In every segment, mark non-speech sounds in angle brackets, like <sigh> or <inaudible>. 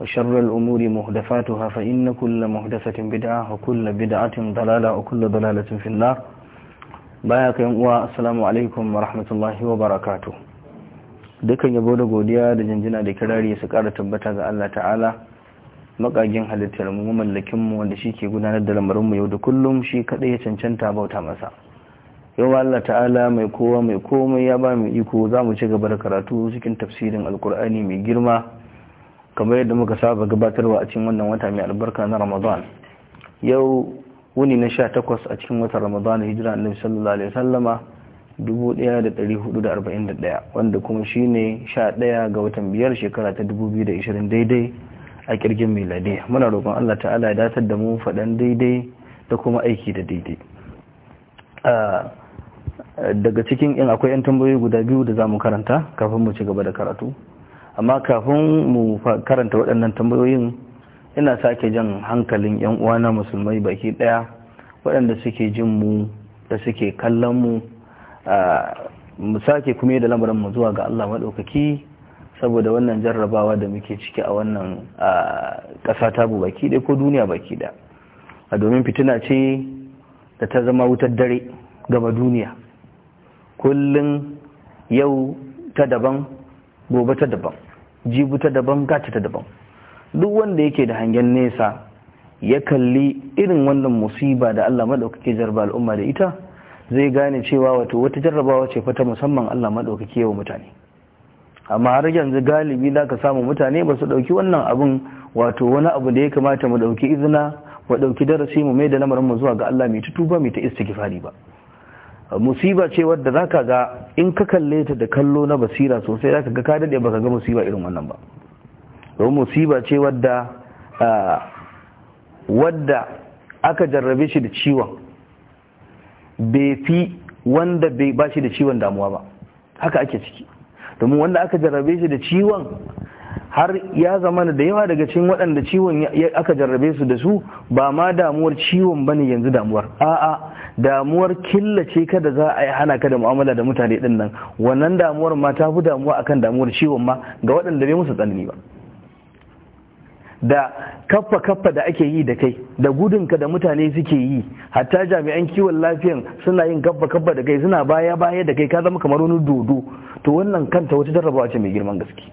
وشر الأمور مهدفاتها فإن كل مهدفة بدعة وكل بدعة ضلالة وكل ضلالة في النار بايك والسلام عليكم ورحمة wa وبركاته dukan yabo da godiya da jinjina da kirari su kara tabbata ga Allah ta'ala makagin halittar mu mallakin mu wanda ke gudanar da lamarin mu yau da kullum shi kadai ya cancanta bauta masa yau Allah ta'ala mai kowa mai komai ya ba mu iko za mu ci gaba da karatu cikin tafsirin alkur'ani mai girma kamar yadda muka saba gabatarwa a cikin wannan wata mai albarka na ramadan yau wuni na sha takwas a cikin watan ramadan hijira annabi sallallahu alaihi wasallama 1441 wanda kuma shine 11 ga watan biyar shekara ta 2020 daidai a kirgin miladiya muna roƙon Allah ta'ala ya datar da mu faɗan daidai da kuma aiki da daidai daga cikin in akwai 'yan tambayoyi guda biyu da za mu karanta kafin mu ci gaba da karatu amma kafin mu karanta waɗannan tambayoyin ina sake jan hankalin 'yan uwana musulmai baki ɗaya waɗanda suke jin mu da suke kallon mu mu sake kuma da lamarin mu zuwa ga Allah maɗaukaki saboda wannan jarrabawa da muke ciki a wannan ƙasa ta bu baki ɗaya ko duniya baki ɗaya a domin fitina ce da ta zama wutar dare gaba duniya kullum yau ta daban gobe ta daban jibu ta daban gata ta daban duk wanda yake da hangen nesa ya kalli irin wannan musiba da Allah maɗaukaki jarba al'umma da ita zai gane cewa wato wata jarrabawa ce fata musamman Allah maɗaukaki yawa mutane amma har yanzu galibi za ka samu mutane ba su ɗauki wannan abin wato wani abu da ya kamata mu ɗauki izina mu ɗauki darasi mu mai da lamarin mu zuwa ga Allah mai tutuba mai ta istighfari ba musiba ce wadda zaka ga in ka kalle ta da kallo na basira sosai zaka ga ka dade baka ga musiba irin wannan ba musiba ce wadda wadda aka jarrabe shi da ciwon bai fi wanda bai ba shi da ciwon damuwa ba haka ake ciki domin wanda aka jarrabe shi da ciwon har ya zama da yawa daga cikin waɗanda ciwon aka jarrabe su da su ba ma damuwar ciwon ba ne yanzu damuwar a'a damuwar killace ka da za a yi hana ka da mu'amala da mutane ɗin nan wannan damuwar ma ta fi damuwa akan damuwar ciwon ma ga waɗanda bai musu tsanani ba da kaffa kaffa da ake yi da kai da gudunka da mutane suke yi hatta jami'an kiwon lafiyan suna yin kaffa kaffa da kai suna baya baya da kai ka zama kamar wani dodo to wannan kanta wata jarrabawa ce mai girman gaske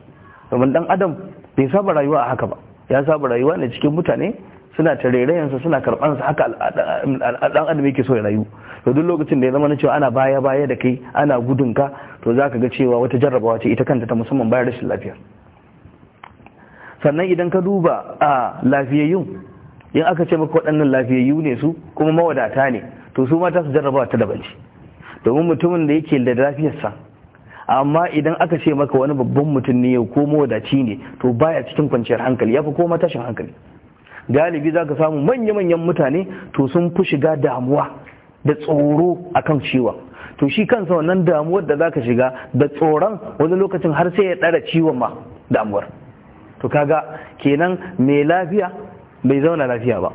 domin dan adam bai saba rayuwa a haka ba ya saba rayuwa ne cikin mutane suna ta tarerayensa suna sa haka dan adam yake so ya rayu to duk lokacin da ya zama na cewa ana baya baya da kai ana gudun ka to zaka ga cewa wata jarrabawa ce ita kanta ta musamman da rashin lafiya sannan idan ka duba a lafiyayyun in aka ce maka waɗannan lafiyayyu ne su kuma mawadata ne to su mata su jarrabawa ta daban ce domin mutumin da yake da lafiyarsa amma idan aka ce maka wani babban mutum ne ko mawadaci ne to baya cikin kwanciyar hankali ya fi koma tashin hankali galibi za ka samu manya-manyan mutane to sun fi shiga damuwa da tsoro akan ciwon to shi kansa wannan damuwar da za ka shiga da tsoron wani lokacin har sai ya ɗara ciwon ma damuwar to kaga kenan mai lafiya bai zauna lafiya ba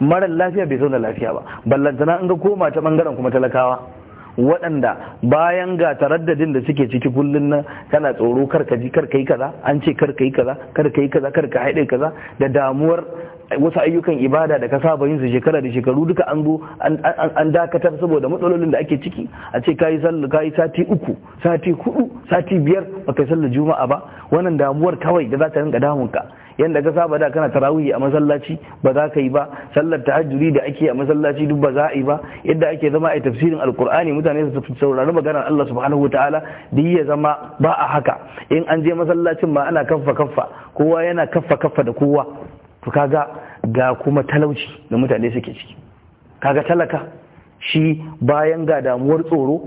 marar lafiya bai zauna lafiya ba ballantana in ga koma ta bangaren kuma talakawa waɗanda bayan ga taraddadin da suke ciki kullun na kana tsoro kar ka ji karka yi kaza an ce kar ka yi kaza kar yi kaza kar haɗe kaza da damuwar wasu ayyukan ibada da ka saba yin su shekara da shekaru duka an zo an dakatar saboda matsalolin da ake ciki a ce kayi yi sati uku sati hudu sati biyar baka sallar juma'a ba wannan damuwar kawai da za ta rinka damunka yanda ka saba da kana tarawihi a masallaci ba za ka yi ba sallar tahajjudi da ake a masallaci duk ba za a yi ba yadda ake zama a tafsirin alkur'ani mutane su saurari maganar Allah subhanahu wataala duk ya zama ba a haka in an je masallacin ma ana kaffa kaffa kowa yana kaffa kaffa da kowa to kaga ga kuma talauci da mutane suke ciki kaga talaka shi bayan ga damuwar tsoro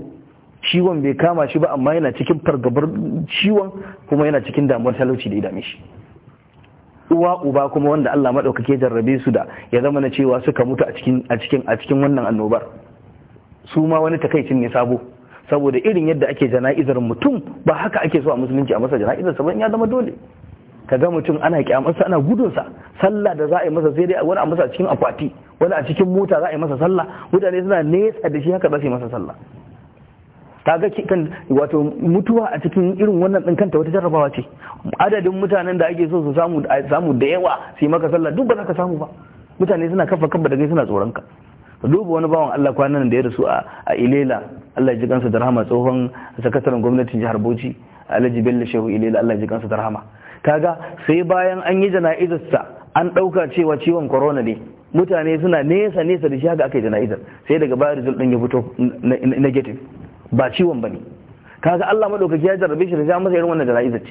ciwon bai kama shi ba amma yana cikin fargabar ciwon kuma yana cikin damuwar talauci da ya dame shi uwa uba kuma wanda Allah maɗaukake jarrabe su da ya zama na cewa suka mutu a cikin wannan annobar su ma wani takaicin ne sabo saboda irin yadda ake jana'izar mutum ba haka ake so a musulunci a masa jana'izar saboda ya zama dole ka ga mutum ana kyamarsa ana gudunsa sallah da za a yi masa sai dai wani a masa cikin akwati wani a cikin mota za a yi masa sallah mutane suna nesa da shi haka za su yi masa sallah kaga kan wato mutuwa a cikin irin wannan din kanta wata jarrabawa ce adadin mutanen da ake so su samu da yawa su maka sallah duk ba za ka samu ba mutane suna kafa kabba da kai suna tsoron ka duba wani bawan Allah kwanan da ya rasu a Ilela Allah ya ji kansa da rahama tsohon sakataren gwamnatin jihar Bauchi Alhaji Bello Shehu Ilela Allah ya ji kansa da rahama kaga sai bayan an yi jana'izar sa an dauka cewa ciwon corona ne mutane suna nesa nesa da shi haka aka yi jana'izar sai daga baya result din ya fito negative ba ciwon bane kaga Allah madaukaki ya jarrabe shi da ja masa irin wannan jana'iza ce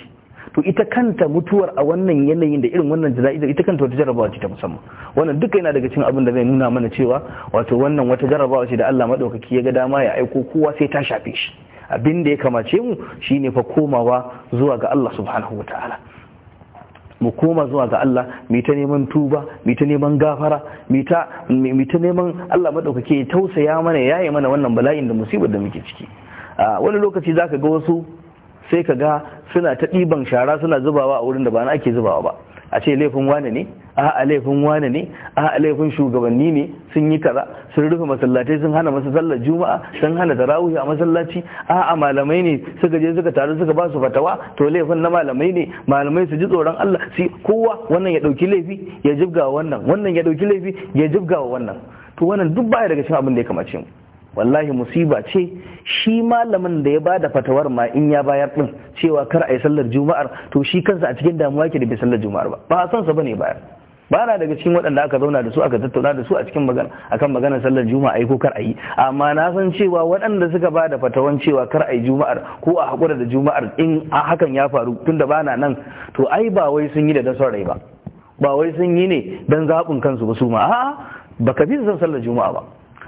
to ita kanta mutuwar a wannan yanayin da irin wannan jana'izar ita kanta wata jarrabawa ce ta musamman wannan duka yana daga cikin abin da zai nuna mana cewa wato wannan wata jarrabawa ce da Allah madaukaki ya ga dama ya aiko kowa sai ta shafe shi abin da ya kamace mu shine fa komawa zuwa ga Allah subhanahu wataala mu koma zuwa ga Allah mu ta neman tuba mu ta neman gafara mu ta neman Allah madaukake ya tausaya mana ya yi mana wannan bala'in da musibar da muke ciki a wani lokaci zaka ga wasu sai ka ga suna ta ɗiban shara suna zubawa a wurin da ba na ake zubawa ba a ce laifin wane ne a laifin wane ne a laifin shugabanni ne sun yi kaza sun rufe masallatai sun hana masu sallar juma'a sun hana tarawih a masallaci a a malamai ne suka je suka taru suka ba su fatawa to laifin na malamai ne malamai su ji tsoron Allah sai kowa wannan ya dauki laifi ya jibga wannan wannan ya dauki laifi ya jibga wannan to wannan duk baya daga cikin abin da ya kamace mu wallahi musiba ce shi malamin da ya ba da fatawar ma in ya bayar din cewa kar a yi sallar juma'ar to shi kansa a cikin damuwa ke da bai sallar juma'ar ba ba a son sa bane bayar ba na daga cikin waɗanda aka zauna da su aka tattauna da su a cikin magana akan maganar sallar juma'a ko kar ayi amma na san cewa waɗanda suka ba da fatawan cewa kar ayi juma'ar ko a hakura da juma'ar in hakan ya faru tunda ba na nan to ai ba wai sun yi da dan rai ba ba wai sun yi ne dan zaɓin kansu ba su ma a'a baka bi san sallar juma'a ba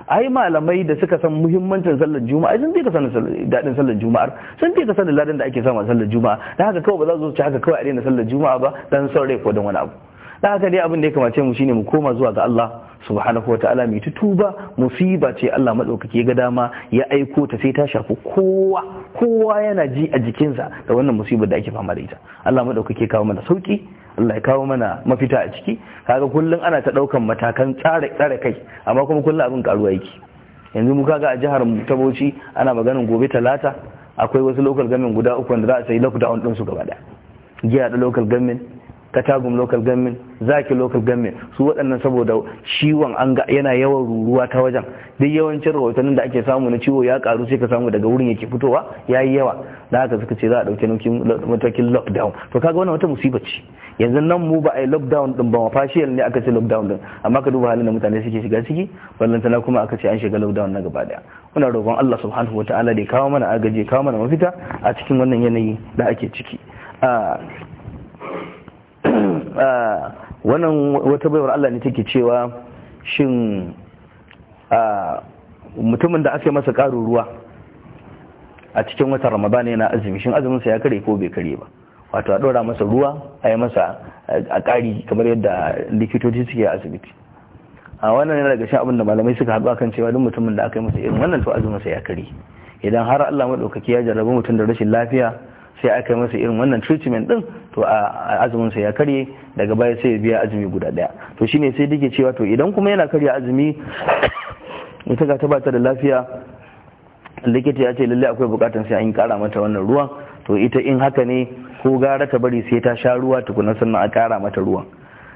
ai malamai da suka san muhimmancin sallar juma'a sun fi ka sanin daɗin sallar juma'ar sun fi ka sanin ladan da ake samu a sallar juma'a da haka kawai ba za su ci haka kawai a daina sallar juma'a ba dan son rai ko dan wani abu da haka dai abin da ya kamace mu shine mu koma zuwa ga Allah subhanahu wa ta'ala mai tutuba musiba ce Allah madaukake ga dama ya aiko ta sai ta shafi kowa kowa yana ji a jikinsa da wannan musibar da ake fama da ita Allah madaukake kawo mana sauki Allah ya kawo mana mafita a ciki kaga kullun ana ta daukan matakan tsare tsare kai amma kuma kullun abin karuwa yake yanzu mu kaga a jihar mu ta Bauchi ana maganin gobe talata akwai wasu local government guda uku wanda za a sai lockdown din su gaba daya giya da local government tagum local government zaki local government su waɗannan saboda ciwon an ga yana yawan ruruwa ta wajen duk yawancin rahotannin da ake samu na ciwo ya karu sai ka samu daga wurin yake fitowa ya yi yawa da haka suka ce za a ɗauki matakin lockdown to kaga wannan wata musiba ce yanzu nan mu ba a yi lockdown din ba fashiyar ne aka ce lockdown din amma ka duba halin da mutane suke shiga ciki ballantana kuma aka ce an shiga lockdown na gaba daya muna roƙon Allah subhanahu wataala da ya kawo mana agaji kawo mana mafita a cikin wannan yanayi da ake ciki ah, Ah, wannan wata baiwar Allah ne take cewa shin ah, mutumin da aka yi masa karu ruwa a cikin wata ramadana yana azumi shin azuminsa ya kare ko bai kare ba wato a ɗora masa ruwa a yi masa a ƙari kamar yadda likitoci suke a asibiti a ah, wannan yana daga shi abin malamai suka haɗu akan cewa duk mutumin da aka yi masa irin wannan to azuminsa ya kare idan har Allah maɗaukaki ya jarraba mutum da rashin lafiya sai aka yi masa irin wannan treatment din to a azumin sa ya karye daga baya sai ya biya azumi guda daya to shine sai dake cewa to idan kuma yana karya azumi <coughs> ita ga ta bata da lafiya likita ya ce lalle akwai bukatan sai an kara mata wannan ruwan to ita in haka ne ko gara ta bari sai ta sha ruwa tukuna sannan a kara mata ruwan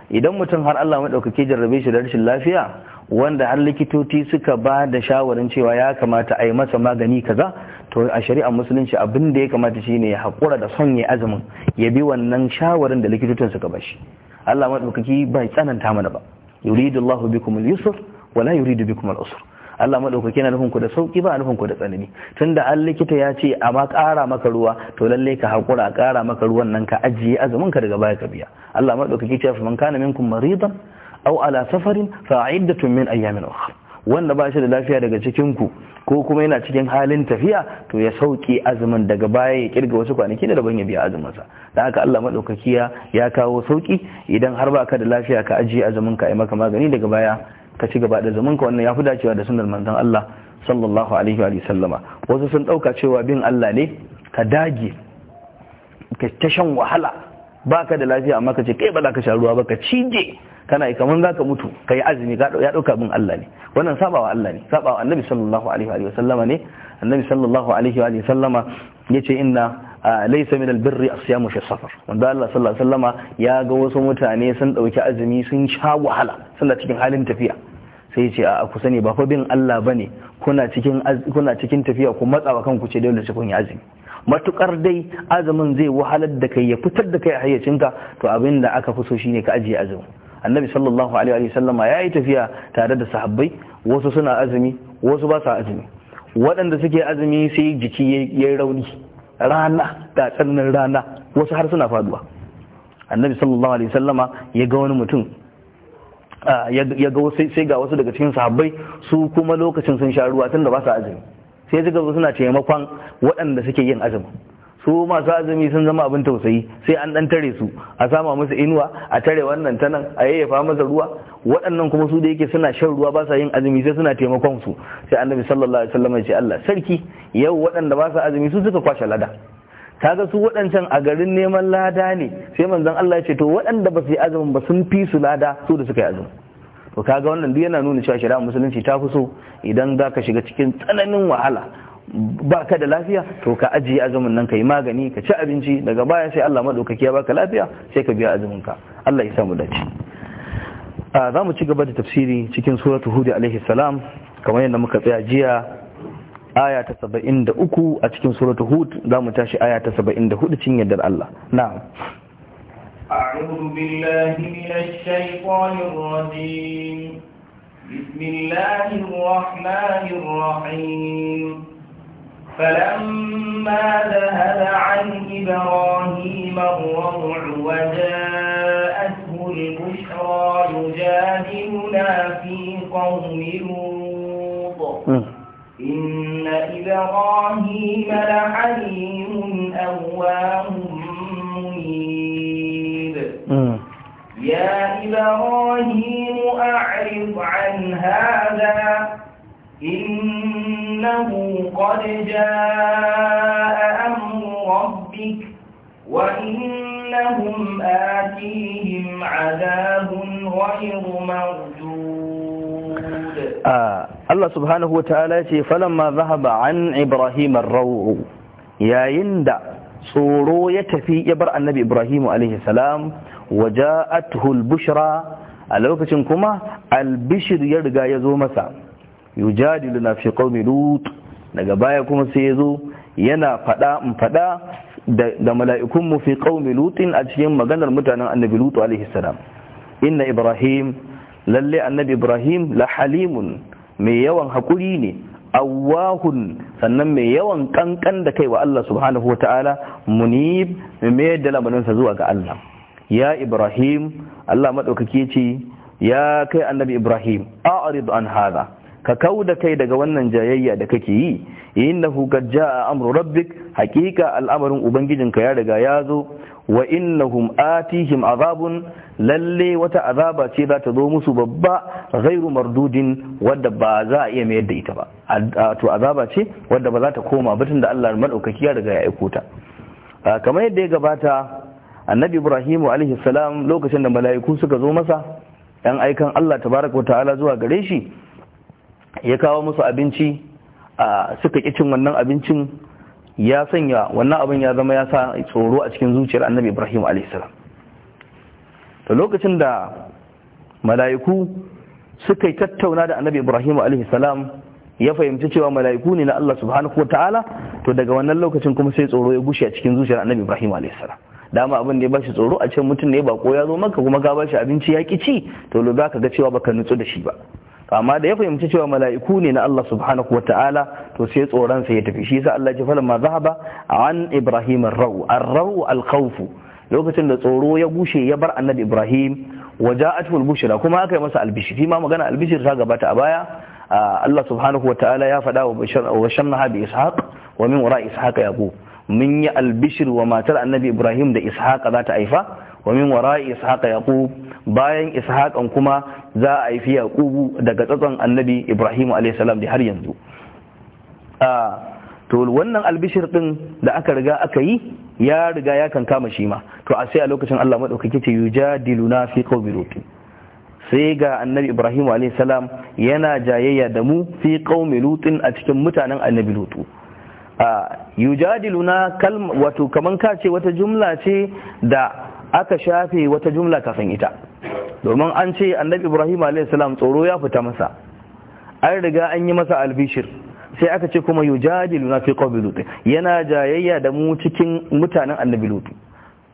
idan mutum har Allah maɗaukaki jarrabe shi da rashin lafiya wanda har likitoci suka ba da shawarin cewa ya kamata a yi masa magani kaza to a shari'a musulunci abin da ya kamata shine ya haƙura da son ya azumin ya bi wannan shawarin da likitocin suka bashi Allah ma madaukaki bai tsananta mana ba yuridu Allahu bikum al-yusr wa la yuridu bikum al-usr Allah yana nufin ku da sauki ba nufin ku da tsanani tunda an likita ya ce a ma ƙara maka ruwa to lalle ka haƙura a ƙara maka ruwan nan ka ajiye azumin ka daga baya ka biya Allah madaukaki ya ce man kana minkum maridan aw ala safarin fa'iddatun min ayyamin ukhra wanda ba shi da lafiya daga cikin ku ko kuma yana cikin halin tafiya to ya sauke azumin daga baya ya kirga wasu kwanaki da daban ya biya azumin sa dan haka Allah madaukaki ya kawo sauki idan har baka da lafiya ka ajiye azumin ka ai maka magani daga baya ka ci gaba da zaman ka wannan yafi dacewa da sunnar manzon Allah sallallahu alaihi wa sallama wasu sun dauka cewa bin Allah ne ka dage ka ta shan wahala baka da lafiya amma ka ce kai ba za ka sha ruwa ba ka cije kana kaman ka mutu ka yi azumi ka ya ɗauka bin Allah ne wannan sabawa Allah ne sabawa annabi sallallahu alaihi wa sallama ne annabi sallallahu alaihi wa sallama ya yace inna ah, laisa min albirri asyamu fi safar wanda Allah sallallahu alaihi sallama ya ga wasu mutane sun ɗauki azumi sun sha wahala suna cikin halin tafiya sai ya ce a ku sani ba fa bin Allah ba ne? kuna cikin tafiya ku matsa wa kanku ce dole sai kun yi azumi matukar dai azumin zai wahalar da kai ya fitar da kai a hayyacinka to abin da aka fi so shine ka ajiye azumi annabi sallallahu alaihi wa sallama ya yi tafiya tare da sahabbai wasu suna azumi wasu ba su azumi waɗanda suke azumi sai jiki ya yi rauni rana da tsananin rana wasu har suna faduwa annabi sallallahu alaihi sallama ya ga wani mutum ya ga sai ga wasu daga cikin sahabbai su kuma lokacin sun sha ruwa tunda da ba su azumi sai suka suna taimakon waɗanda suke yin azumi su masu azumi sun zama abin tausayi sai an dan tare su a sama musu inuwa a tare wannan ta nan a yayyafa masa ruwa waɗannan kuma su da yake suna shan ruwa ba sa yin azumi sai suna taimakon su sai annabi sallallahu alaihi wasallam ya ce Allah sarki yau waɗanda ba sa azumi su suka kwashe lada kaga su waɗancan a garin neman lada ne sai manzon Allah ya ce to waɗanda ba su yi azumin ba sun fi su lada su da suka yi azumi to kaga wannan duk yana nuna cewa shari'a musulunci ta fi so idan zaka shiga cikin tsananin wahala ba ka da lafiya to ka ajiye azumin nan ka yi magani ka ci abinci daga baya sai Allah maɗaukaki ya baka lafiya sai ka biya azumin ka Allah ya samu dace za mu ci gaba da tafsiri cikin suratu hudu alaihi salam kamar yadda muka tsaya jiya aya ta saba'in da uku a cikin suratu hud za mu tashi aya ta saba'in da hudu cin yardar Allah na'am a'udhu billahi minash الشيطان rajim بسم الله الرحمن الرحيم فلما ذهب عن إبراهيم الرضع وجاءته البشرى يجادلنا في قوم لوط إن إبراهيم لحليم أواه منيب يا إبراهيم أعرض عن هذا إنه قد جاء أمر ربك وإنهم آتيهم عذاب غير مردود الله سبحانه وتعالى فلما ذهب عن إبراهيم الروع يا يندى tsoro ya tafi ya bar annabi ibrahimu alaihi salam waja'atuhu bushra a lokacin kuma albishir ya riga ya zo masa yujadiluna fi qaumi lut daga baya kuma sai yazo yana fada in fada da mala'ikun mu fi qaumi lut a cikin maganar mutanen annabi lut alaihi salam inna ibrahim lalle annabi ibrahim la halimun mai yawan hakuri ne awwahun sannan mai yawan kankan da kai wa Allah subhanahu wataala munib mai da sa zuwa ga Allah ya ibrahim Allah madaukake ce ya kai annabi ibrahim a'rid an hadha ka kawo da kai daga wannan jayayya da kake yi innahu qad jaa amru rabbik haqiqa al'amarin ubangijinka ya riga ya zo wa innahum atihim azabun lalle wata azaba ce za ta zo musu babba ghairu mardudin wadda ba za a iya mayar da ita ba to azaba ce wadda ba za ta koma ba tunda Allah madaukaki ya riga ya aiko ta kamar yadda ya gabata annabi Ibrahim alaihi salam lokacin da mala'iku suka zo masa yan aikan Allah tabaraka wa ta'ala zuwa gare shi ya kawo musu abinci suka ƙi cin wannan abincin ya sanya wannan abin ya zama ya sa tsoro a cikin zuciyar annabi ibrahim alaihissalam to lokacin da mala'iku suka yi tattauna da annabi ibrahim alaihissalam ya fahimci cewa mala'iku ne na Allah subhanahu ta'ala, to daga wannan lokacin kuma sai tsoro ya gushe a cikin zuciyar annabi ibrahim alaihissalam dama abin da ya bashi tsoro a cikin mutum ne ba ko ya zo maka kuma ka bashi abinci ya ki ci to lo za ka ga cewa baka nutsu da shi ba amma da ya fahimci cewa mala'iku ne na Allah subhanahu wa ta'ala to sai tsoron sa ya tafi shi yasa Allah ya fara ma zahaba an Ibrahim ar-raw ar-raw al-khawf lokacin da tsoro ya gushe ya bar annabi Ibrahim wa ja'atuhu al-bushra kuma aka yi masa albishir fi ma magana albishir ta gabata a baya Allah subhanahu wa ta'ala ya faɗa wa basharna bi ishaq wa min wara ishaq yaqub mun yi albishir wa matar annabi Ibrahim da ishaq za ta haifa wa min wara'i ishaqa yaqub bayan ishaqan kuma za a haifi yaqubu daga tsatson annabi ibrahim alayhi salam da har yanzu ah to wannan albishir din da aka riga aka yi ya riga ya kan kama shi ma to a sai a lokacin Allah madaukake ce yujadiluna fi qaumi lut sai ga annabi ibrahim alayhi salam yana jayayya da mu fi qaumi lutin a cikin mutanen annabi lutu a yujadiluna kalma wato kaman kace wata jumla ce da aka shafe wata jumla kafin ita domin an ce annabi ibrahim a.s. tsoro ya fita masa an riga an yi masa albishir sai aka ce kuma yujadilu na fi kobi lutu yana jayayya da mu cikin mutanen annabi lutu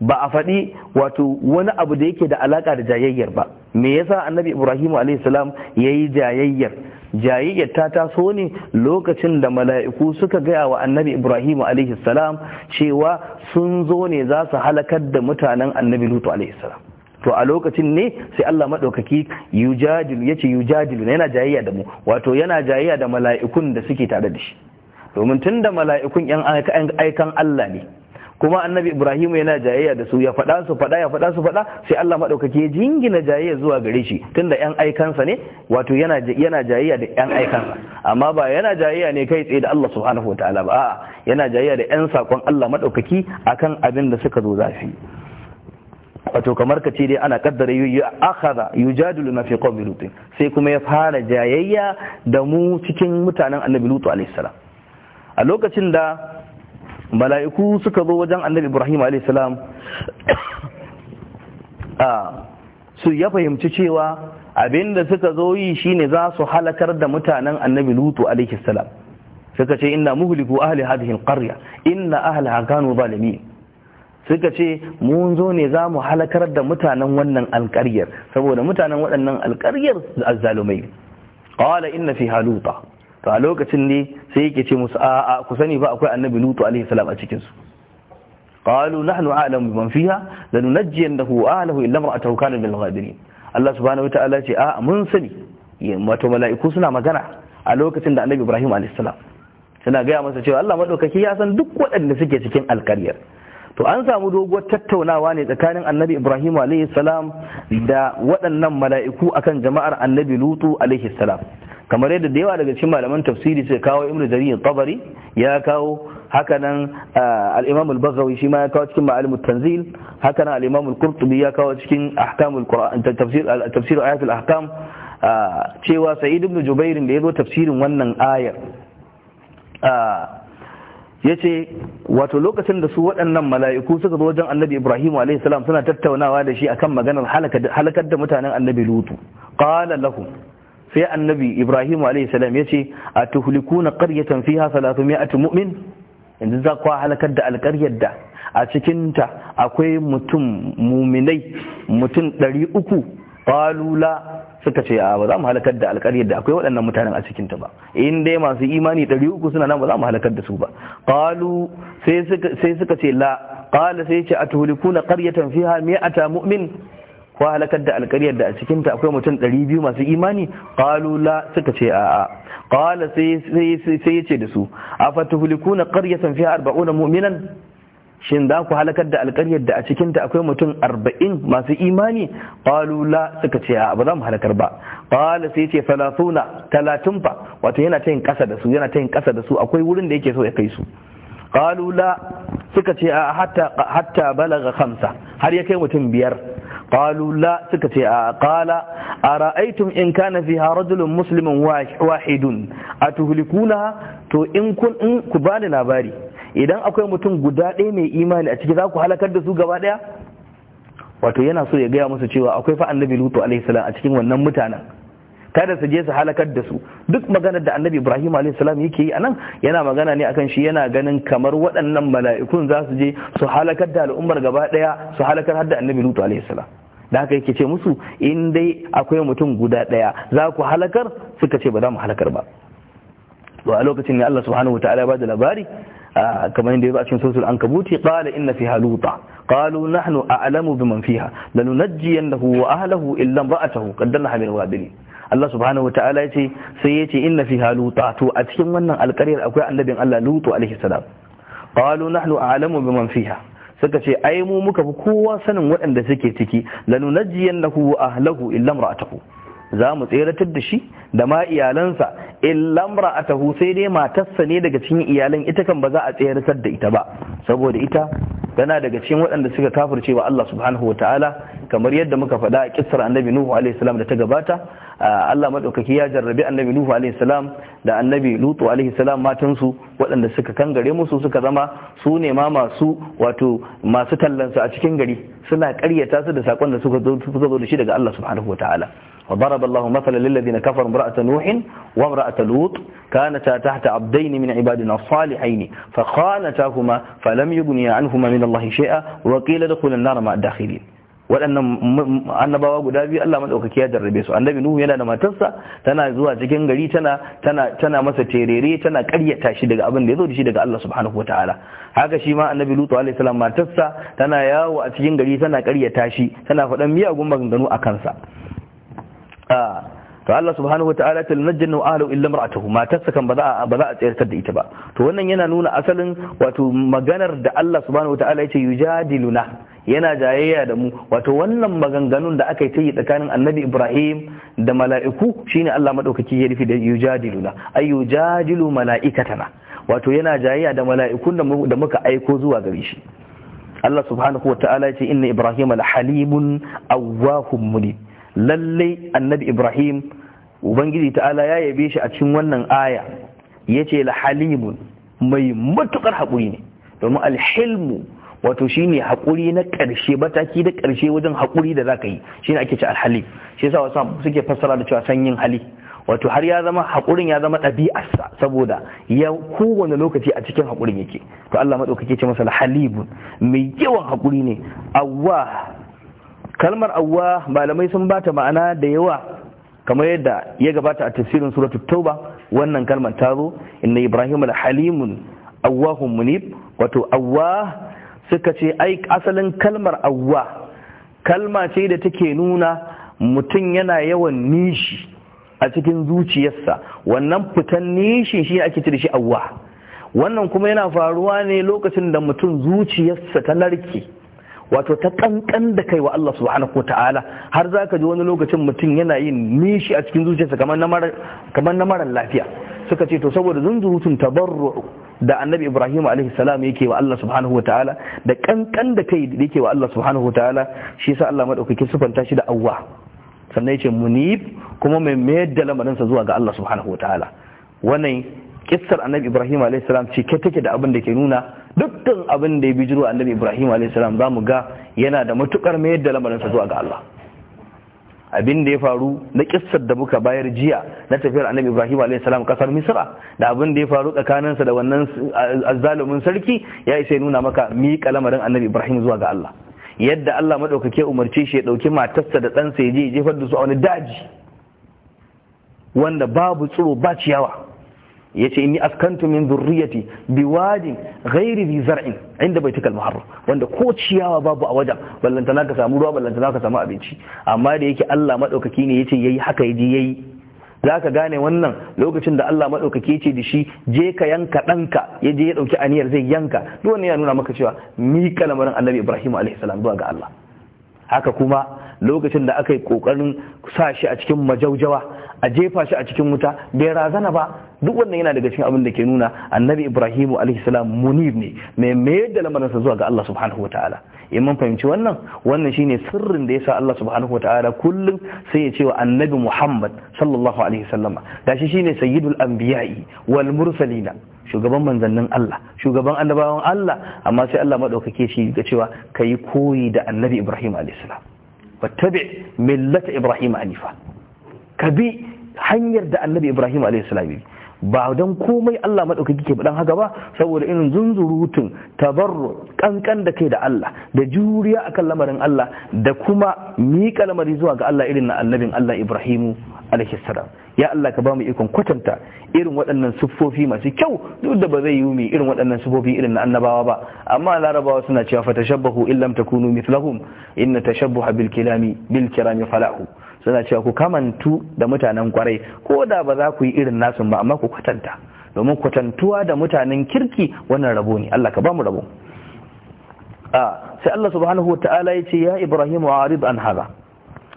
ba a faɗi wato wani abu da yake da alaƙa da jayayyar ba me yasa annabi ibrahim ya yi jayayyar jayayyar ta taso ne lokacin da mala'iku suka gaya wa annabi ibrahim cewa sun zo ne za su halakar da mutanen annabi lutu to a lokacin ne sai Allah maɗaukaki yujadilu yace yujadilu yana jayayya da mu wato yana jayayya da mala'ikun da suke tare da shi domin tun da mala'ikun 'yan aikan Allah ne kuma annabi ibrahim yana jayayya da su ya faɗa su faɗa ya faɗa su faɗa sai Allah maɗaukaki ya jingina jayayya zuwa gare shi tunda yan aikansa ne wato yana yana jayayya da yan aikansa amma ba yana jayayya ne kai tsaye da Allah subhanahu wataala ba a'a yana jayayya da yan sakon Allah maɗaukaki, akan abin da suka zo zafi wato kamar ka ce dai ana kaddara yi akhadha yujadilu na fi qawmi lut sai kuma ya fara jayayya da mu cikin mutanen annabi Lutu alaihi salam a lokacin da mala'iku suka zo wajen annabi ibrahim alaihissalam <coughs> su ya fahimci cewa abinda suka zo yi shine za su halakar da mutanen annabi lutu alaihissalam suka ce inna muhliku ahli hadhihi alqarya inna ahliha kanu zalimin suka ce mun zo ne za mu halakar da mutanen wannan alƙaryar saboda mutanen waɗannan alƙaryar azzalumai qala inna fiha luta to a lokacin ne sai yake ce musu a ku sani ba akwai annabi lutu alaihi salam a cikin su qalu nahnu a'lamu biman fiha lanunajjiyannahu ahlihi illa kana min al ghadirin Allah subhanahu wataala ce a mun sani wato mala'iku suna magana a lokacin da annabi Ibrahim alaihi salam suna gaya masa cewa Allah madaukaki ya san duk waɗanda suke cikin alƙaryar to an samu doguwar tattaunawa ne tsakanin annabi ibrahim alaihi salam da waɗannan mala'iku akan jama'ar annabi lutu alaihi salam kamar yadda da yawa daga cikin malaman tafsiri sai kawo ibnu jarir tabari ya kawo hakanan al-imam al-bazawi shi ma ya kawo cikin ma'alim tanzil hakanan al-imam al-qurtubi ya kawo cikin ahkamul qur'an tafsir tafsir ayat al-ahkam cewa sa'id ibn jubair da yazo tafsirin wannan ayar yace wato lokacin da su waɗannan mala'iku suka zo wajen annabi ibrahim alayhi salam suna tattaunawa da shi akan maganar halakar da mutanen annabi lutu qala lahum sai annabi ibrahim alayhi salam yace atuhlikuna qaryatan fiha 300 mu'min yanzu za ku halakar da alƙaryar da a cikinta akwai mutum muminai mutum ɗari uku ƙalula suka ce a ba za mu halakar da alƙaryar da akwai waɗannan mutanen a cikinta ba in dai masu imani ɗari uku suna nan ba za mu halakar da su ba ƙalu sai suka ce la ƙala sai ce a tuhulikuna ƙaryatan fiha mi'ata mu'min ko halakar da alƙaryar da a cikinta akwai mutum ɗari biyu masu imani qalu la suka ce a'a qala sai da su mu'minan shin za ku halakar da alƙaryar da a cikinta akwai mutum arba'in masu imani la suka ce ba za mu halakar ba sai ce talatin fa wato yana ta yin ƙasa da su yana ta yin ƙasa da su akwai wurin da yake so ya kai su qalu la suka ce a'a hatta balaga hamsa. har ya kai mutum biyar qalu suka ce a qala ara'aytum in kana fiha rajulun muslimun wahidun atuhlikuna to in kun ku bani labari idan akwai mutum guda ɗaya mai imani a ciki za ku halakar da su gaba ɗaya wato yana so ya gaya musu cewa akwai fa annabi lutu alaihi salam a cikin wannan mutanen kada su je su halakar da su duk maganar da annabi ibrahim alaihissalam yake yi anan yana magana ne akan shi yana ganin kamar waɗannan mala'ikun za su je su halakar da al'ummar gaba ɗaya su halakar har da annabi lutu alaihissalam da haka yake ce musu in dai akwai mutum guda ɗaya za ku halakar suka ce ba za mu halakar ba to a lokacin ne Allah subhanahu wataala ya bada labari kamar yadda ya zo a cikin an kabuti qala inna fiha luta qalu nahnu a'lamu biman fiha lanunajjiyannahu wa ahlihi illa imra'atahu qaddarnaha hamil al Allah subhanahu wataala ya ce sai ya ce inna fi haluta to a cikin wannan alƙaryar akwai annabin Allah lutu alaihi salam qalu nahnu a'lamu biman fiha suka ce ai mu muka fi kowa sanin waɗanda suke ciki lanunajjiyannahu wa ahlihi illa imra'atuhu za mu tseratar da shi da ma iyalansa illa imra'atuhu sai dai matarsa ne daga cikin iyalan ita kan ba za a tseratar da ita ba saboda ita tana daga cikin waɗanda suka kafirce wa Allah subhanahu wataala kamar yadda muka faɗa a kisar annabi nuhu a.s. da ta gabata allah maɗaukaki ya jarrabe annabi nuhu a.s. da annabi lutu a.s. matansu waɗanda suka kangare musu suka zama su ne ma masu wato masu tallansu a cikin gari suna karyata su da saƙon da suka zo da shi daga allah subhanahu wa ta'ala wa barab allahu masala lil ladina kafaru imra'ata nuhin wa imra'ata lut kanata tahta abdain min ibadina salihain fa khanatahuma fa lam yughni anhuma min allahi shay'a wa qila dukhulan nar ma'a dakhilin waɗannan annabawa guda biyu Allah maɗaukaki ya jarrabe su annabi nuhu yana da matarsa tana zuwa cikin gari tana tana tana masa terere tana ƙaryata shi daga abin da ya zo da shi daga Allah subhanahu wataala haka shi ma annabi lutu alaihi salam matarsa tana yawo a cikin gari tana ƙaryata shi tana faɗan miyagun maganganu a kansa ah, to Allah subhanahu wataala ta najjanna ahlu illa imra'atuhu matarsa kan ba za a ba za a tsayar da ita ba to wannan yana nuna asalin wato maganar da Allah subhanahu wataala ya ce yujadiluna yana jayayya da mu wato wannan maganganun da aka yi ta yi tsakanin annabi ibrahim da mala'iku shine allah maɗaukaki ya rufe da yujadiluna ay yujadilu mala'ikatana wato yana jayayya da mala'ikun da muka aiko zuwa gare shi allah subhanahu wa ta'ala ya ce inna ibrahim alhalimun awwahum muni lallai annabi ibrahim ubangiji ta'ala ya yabe shi a cikin wannan aya yace ce mai matukar haƙuri ne domin alhilmu wato shine hakuri na karshe mataki da ƙarshe wajen hakuri da zaka yi shine ake ce alhali shi yasa wasu suke fassara da cewa sanyin hali wato har ya zama hakurin ya zama ɗabi'arsa saboda ya kowane lokaci a cikin haƙurin yake to Allah maɗaukaki ce masa halibun mai yawan hakuri ne awwa kalmar awwa malamai sun bata ma'ana da yawa kamar yadda ya gabata a tafsirin suratul tauba wannan kalmar ta zo inna ibrahim halimun awwahun munib wato awwa suka ce ai asalin kalmar awwa kalma ce da take nuna mutum yana yawan nishi a cikin zuciyarsa wannan fitan nishi shi ake ce da shi awwa wannan kuma yana faruwa ne lokacin da mutum zuciyarsa ta narke wato ta kankan da kai wa Allah subhanahu wata'ala har zaka ji wani lokacin mutum yana yin nishi a cikin zuciyarsa kamar na mara lafiya suka ce to saboda zunzurutun tabarru da annabi ibrahim alaihi salam yake wa Allah subhanahu ta'ala da kankan da kai da yake wa Allah subhanahu ta'ala shi yasa Allah madaukakin sufanta shi da awwa sannan yace munib kuma mai mayar da lamarinsa zuwa ga Allah subhanahu ta'ala wannan kissar annabi ibrahim alaihi salam ce ke take da abin da ke nuna dukkan abin da ya bijiro annabi ibrahim alaihi salam zamu ga yana da matukar mayar da lamarinsa zuwa ga Allah abin da ya faru na kissar da muka bayar jiya na tafiyar annabi ibrahim alayhi salam kasar misra da abin da ya faru tsakaninsa da wannan azzalumin sarki ya isa nuna maka mi kalamarin annabi ibrahim zuwa ga Allah yadda Allah madaukake umarce shi ya dauki matarsa da ɗansa ya je ya jefar da su a wani daji wanda babu tsoro ba ciyawa yace inni askantu min zurriyati biwadin ghairi bi zar'in inda baitikal muharram wanda ko ciyawa babu a wajen ballanta ka samu ruwa ballantana ka samu abinci amma da yake Allah madaukaki ne yace yayi haka yaji yayi zaka gane wannan lokacin da Allah madaukaki ce da shi je ka yanka danka ya je ya dauki aniyar zai yanka duk wannan ya nuna maka cewa ni kalmarin Annabi Ibrahim alaihi salam zuwa ga Allah haka kuma lokacin da aka yi kokarin sa shi a cikin majaujawa a jefa shi a cikin wuta bai razana ba duk wannan yana daga cikin abin da ke nuna annabi ibrahimu alaihissalam munir ne mai mayar da lamarinsa zuwa ga allah subhanahu wa ta'ala in fahimci wannan wannan shine sirrin da yasa allah subhanahu wa ta'ala kullum sai ya cewa annabi muhammad sallallahu alaihi da shi shine sayyidul anbiya'i wal mursalina shugaban manzannin Allah shugaban annabawan Allah amma sai Allah maɗaukake shi ga cewa yi koyi da annabi Ibrahim alaihissalam millata Ibrahim anifa ka bi hanyar da annabi ibrahim a.s. ba don komai Allah maɗaukaki ke faɗan haka ba saboda irin zunzurutun tabarru kankan da kai da Allah da juriya akan lamarin Allah da kuma miƙa lamari zuwa ga Allah irin na annabin Allah Ibrahimu alaihi ya Allah ka ba mu ikon kwatanta irin waɗannan siffofi masu kyau duk da ba zai yi mi irin waɗannan siffofi irin na annabawa ba amma larabawa suna cewa fa tashabbahu illam takunu mithlahum inna tashabbuha bil kilami bil kirami falahu suna cewa ku kamantu da mutanen kwarai ko da ba za ku yi irin nasu ba amma ku kwatanta domin kwatantuwa da mutanen kirki wannan rabo ne Allah ka ba mu rabo ah, sai Allah subhanahu wa ta'ala ya ce ya Ibrahim wa arid an haza.'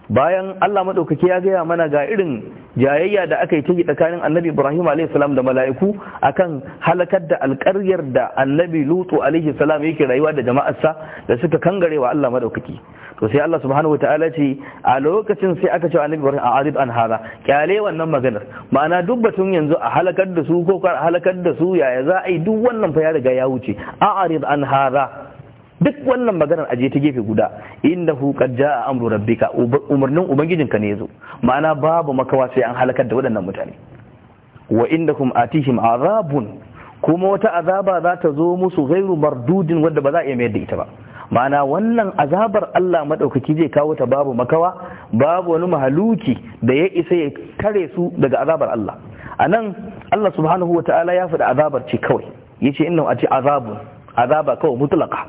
bayan Allah madaukake ya gaya mana ga irin jayayya da aka yi ta tsakanin annabi Ibrahim salam da mala'iku akan halakar da alƙaryar da annabi Lutu alaihi salam yake rayuwa da jama'arsa da suka kangarewa Allah madaukake to sai Allah subhanahu wataala ce a lokacin sai aka ce annabi Ibrahim a arib an hada kyale wannan maganar ma'ana duk batun yanzu a halakar da su ko halakar da su yaya za a yi duk wannan fa ya riga ya wuce a arib an hada duk wannan maganar aje ta gefe guda ja a jaa amru rabbika umarnin ubangijinka ne zo. ma'ana babu makawa sai an halakar da waɗannan mutane wa inda innakum atihim azabun kuma wata azaba za ta zo musu ghairu mardudin wanda ba za a iya mayar da ita ba ma'ana wannan azabar Allah madaukaki zai kawo ta babu makawa babu wani mahaluki da ya isa ya kare su daga azabar Allah A nan Allah subhanahu wa ta'ala ya faɗi azabar ce kawai ya ce inna a ce azabun azaba kawai mutlaka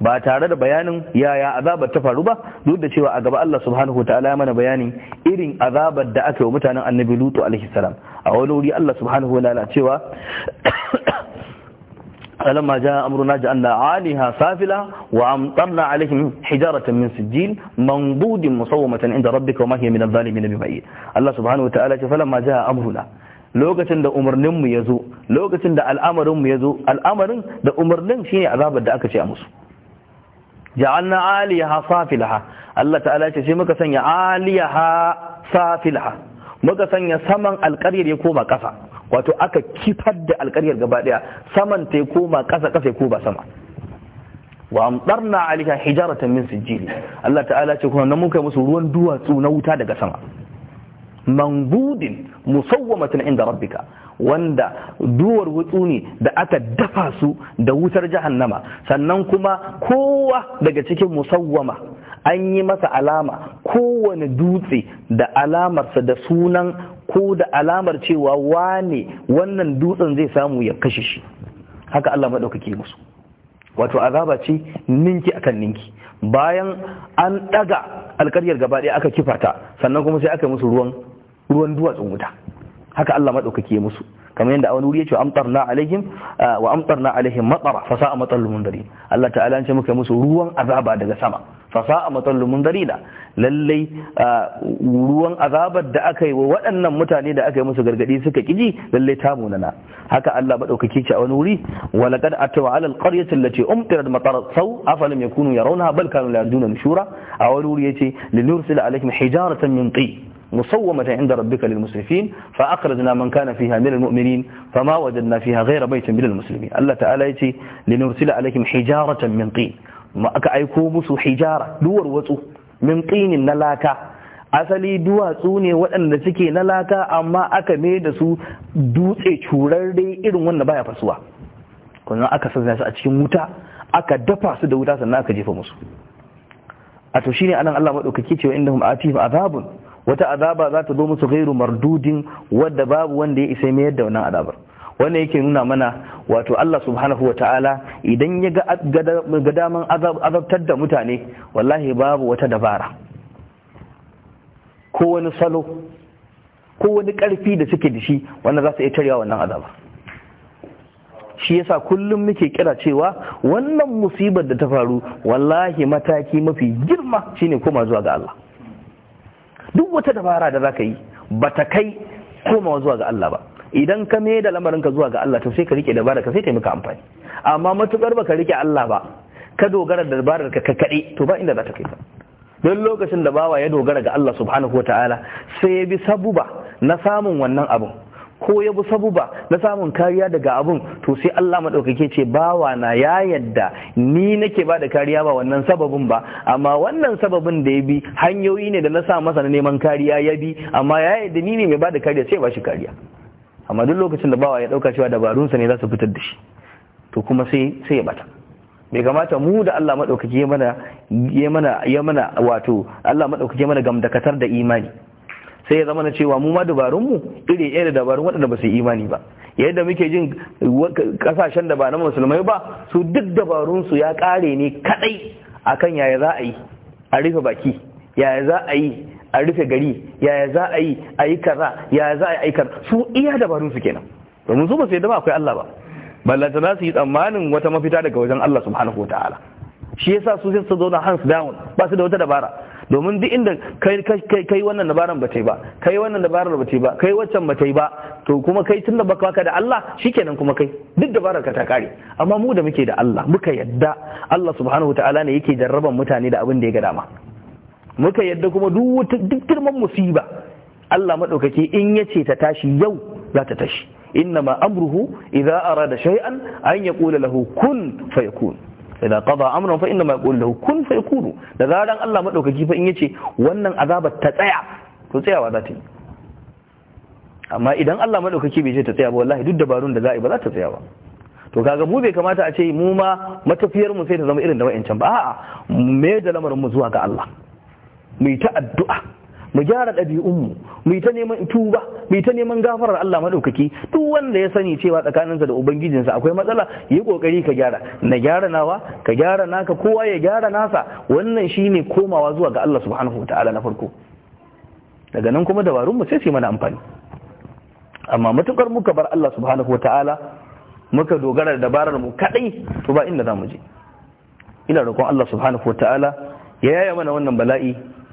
ba tare da bayanin yaya azabar ta faru ba duk da cewa a gaba Allah subhanahu wa ta'ala mana bayani irin azabar da aka yi wa mutanen annabi lutu alaihi salam a wani wuri Allah subhanahu wa ta'ala cewa فلما جاء أمرنا جعلنا عاليها سافلة وأمطرنا عليهم حجارة من سجيل منضود مصومة عند ربك وما هي من الظالمين ببعيد الله سبحانه وتعالى فلما jaa amruna lokacin da umarninmu ya zo lokacin da al'amarinmu ya zo al'amarin da umarnin shine azabar da aka ce a musu ja'alna aliyaha safilaha Allah ta'ala ce sai muka sanya aliyaha safilaha muka sanya saman alƙaryar ya koma ƙasa wato aka kifar da alƙaryar gaba ɗaya saman ta ya koma ƙasa ƙasa ya koma sama wa amtarna alaiha hijaratan min sijili Allah ta'ala ce kuma na muka musu ruwan duwatsu na wuta daga sama manbudin musawwamatin inda rabbika wanda duwar wutsu ne da aka dafa su da wutar jahannama sannan kuma kowa daga cikin musawwama an yi masa alama kowane dutse da alamarsa da sunan ko da alamar cewa wane wannan dutsen zai samu ya kashe shi haka Allah maɗaukake musu wato azaba ce ninki akan ninki bayan an ɗaga alƙaryar gaba ɗaya aka kifata sannan kuma sai aka musu ruwan ruwan duwatsun wuta haka Allah madaukake musu kamar yadda a wani wuri yace amtarna alaihim wa na alaihim matara fa sa'a matal mundarin Allah ta'ala an ce muka musu ruwan azaba daga sama fa sa'a matal da lalle ruwan azabar da aka yi wa waɗannan mutane da aka yi musu gargadi suka kiji lalle ta munana haka Allah madaukake ce a wani wuri wa laqad atawa ala alqaryati allati umtirat matarat saw afalam yakunu yarawnaha bal kanu la yaduna nushura a wani wuri yace linursila alaihim hijaratan min tin مسومة عند ربك للمسرفين فأخرجنا من كان فيها من المؤمنين فما وجدنا فيها غير بيت من المسلمين الله تعالى يتي لنرسل عليهم حجارة من طين ما أكا حجارة دور وسو من طين نلاكا asali duwatsu ne waɗanda suke na laka amma aka mai da su dutse curarre irin wanda baya fasuwa kuma aka sanya su a cikin wuta aka dafa su da wuta sannan aka jefa musu a to shine anan Allah madaukake cewa innahum atihim azabun wata azaba za ta zo musu gairu mardudin wadda babu wanda ya isa mayar da wannan azabar wannan yake nuna mana wato Allah subhanahu wata'ala idan ya ga gadaman azabtar da mutane wallahi babu wata dabara ko wani salo ko wani karfi da suke da shi wanda za su iya tarya wannan azaba shi yasa kullum muke kira cewa wannan musibar da ta faru wallahi mataki mafi girma shine koma zuwa ga Allah duk wata dabara da zaka yi ba ta kai komawa zuwa ga Allah ba idan ka mai da lamarin ka zuwa ga Allah to sai ka rike dabara ka sai ta maka amfani amma matukar baka rike Allah ba ka dogara da dabarar ka kaɗai to ba inda za ta kai ka don lokacin da bawa ya dogara ga Allah subhanahu wataala sai ya bi sabuba na samun wannan abun ko ya bi sabuba na samun kariya daga abun to sai Allah maɗaukake ce bawa na ya yadda ni nake ba da kariya ba wannan sababin ba amma wannan sababin da ya bi hanyoyi ne da na sa masa na neman kariya ya bi amma ya yadda ni ne mai ba da kariya sai ba shi kariya amma duk lokacin da bawa ya ɗauka cewa sa ne za su fitar da shi to kuma sai sai ya bata bai kamata mu da Allah maɗaukake ya mana ya mana ya mana wato Allah maɗaukake ya mana gamdakatar da imani sai ya zama na cewa mu ma dabarunmu iri ɗaya da dabarun waɗanda ba su imani ba yadda muke jin kasashen da ba na musulmai ba su duk dabarunsu ya kare ne kaɗai akan yaya za a yi a rufe baki yaya za a yi a rufe gari yaya za a yi a yi kaza yaya za a yi aikar su iya dabarunsu kenan domin su ba su yi ba akwai Allah ba ballanta za su yi tsammanin wata mafita daga wajen Allah subhanahu wa ta'ala shi yasa su sai su zauna hands down ba su da wata dabara domin duk inda kai wannan dabaran ba ta yi ba kai wannan dabarar ba ta yi ba kai waccan ba ta yi ba to kuma kai tun da baka da Allah shikenan kuma kai duk dabarar ka ta kare amma mu da muke da Allah muka yadda Allah subhanahu wataala ne yake jarraban mutane da abin da ya ga dama muka yadda kuma duk duk girman musiba Allah madaukake in ya ce ta tashi yau za ta tashi ma amruhu idza arada shay'an an yaqula lahu kun fayakun idan qada amran fa inna ma yaqulu lahu kun fayakunu da zaran Allah madaukaki fa in yace wannan azabar ta tsaya to tsayawa za ta yi amma idan Allah madaukaki bai ce ta tsaya ba wallahi duk dabarun da za ba za ta tsaya ba to kaga mu bai kamata a ce mu ma matafiyar mu sai ta zama irin da wayancan ba a'a me da lamarin mu zuwa ga Allah mu yi ta addu'a mu gyara ɗabi'unmu mu yi ta neman tuba mu yi ta neman gafarar Allah maɗaukaki duk wanda ya sani cewa tsakaninsa da ubangijinsa akwai matsala yi ƙoƙari ka gyara na gyara nawa ka gyara naka kowa ya gyara nasa wannan shi ne komawa zuwa ga Allah subhanahu wa ta'ala na farko daga nan kuma dabarun mu sai su mana amfani amma matukar muka bar Allah subhanahu wa ta'ala muka dogara da dabarar mu kadai to ba inda zamu je ina roƙon Allah subhanahu wa ta'ala ya yaya mana wannan bala'i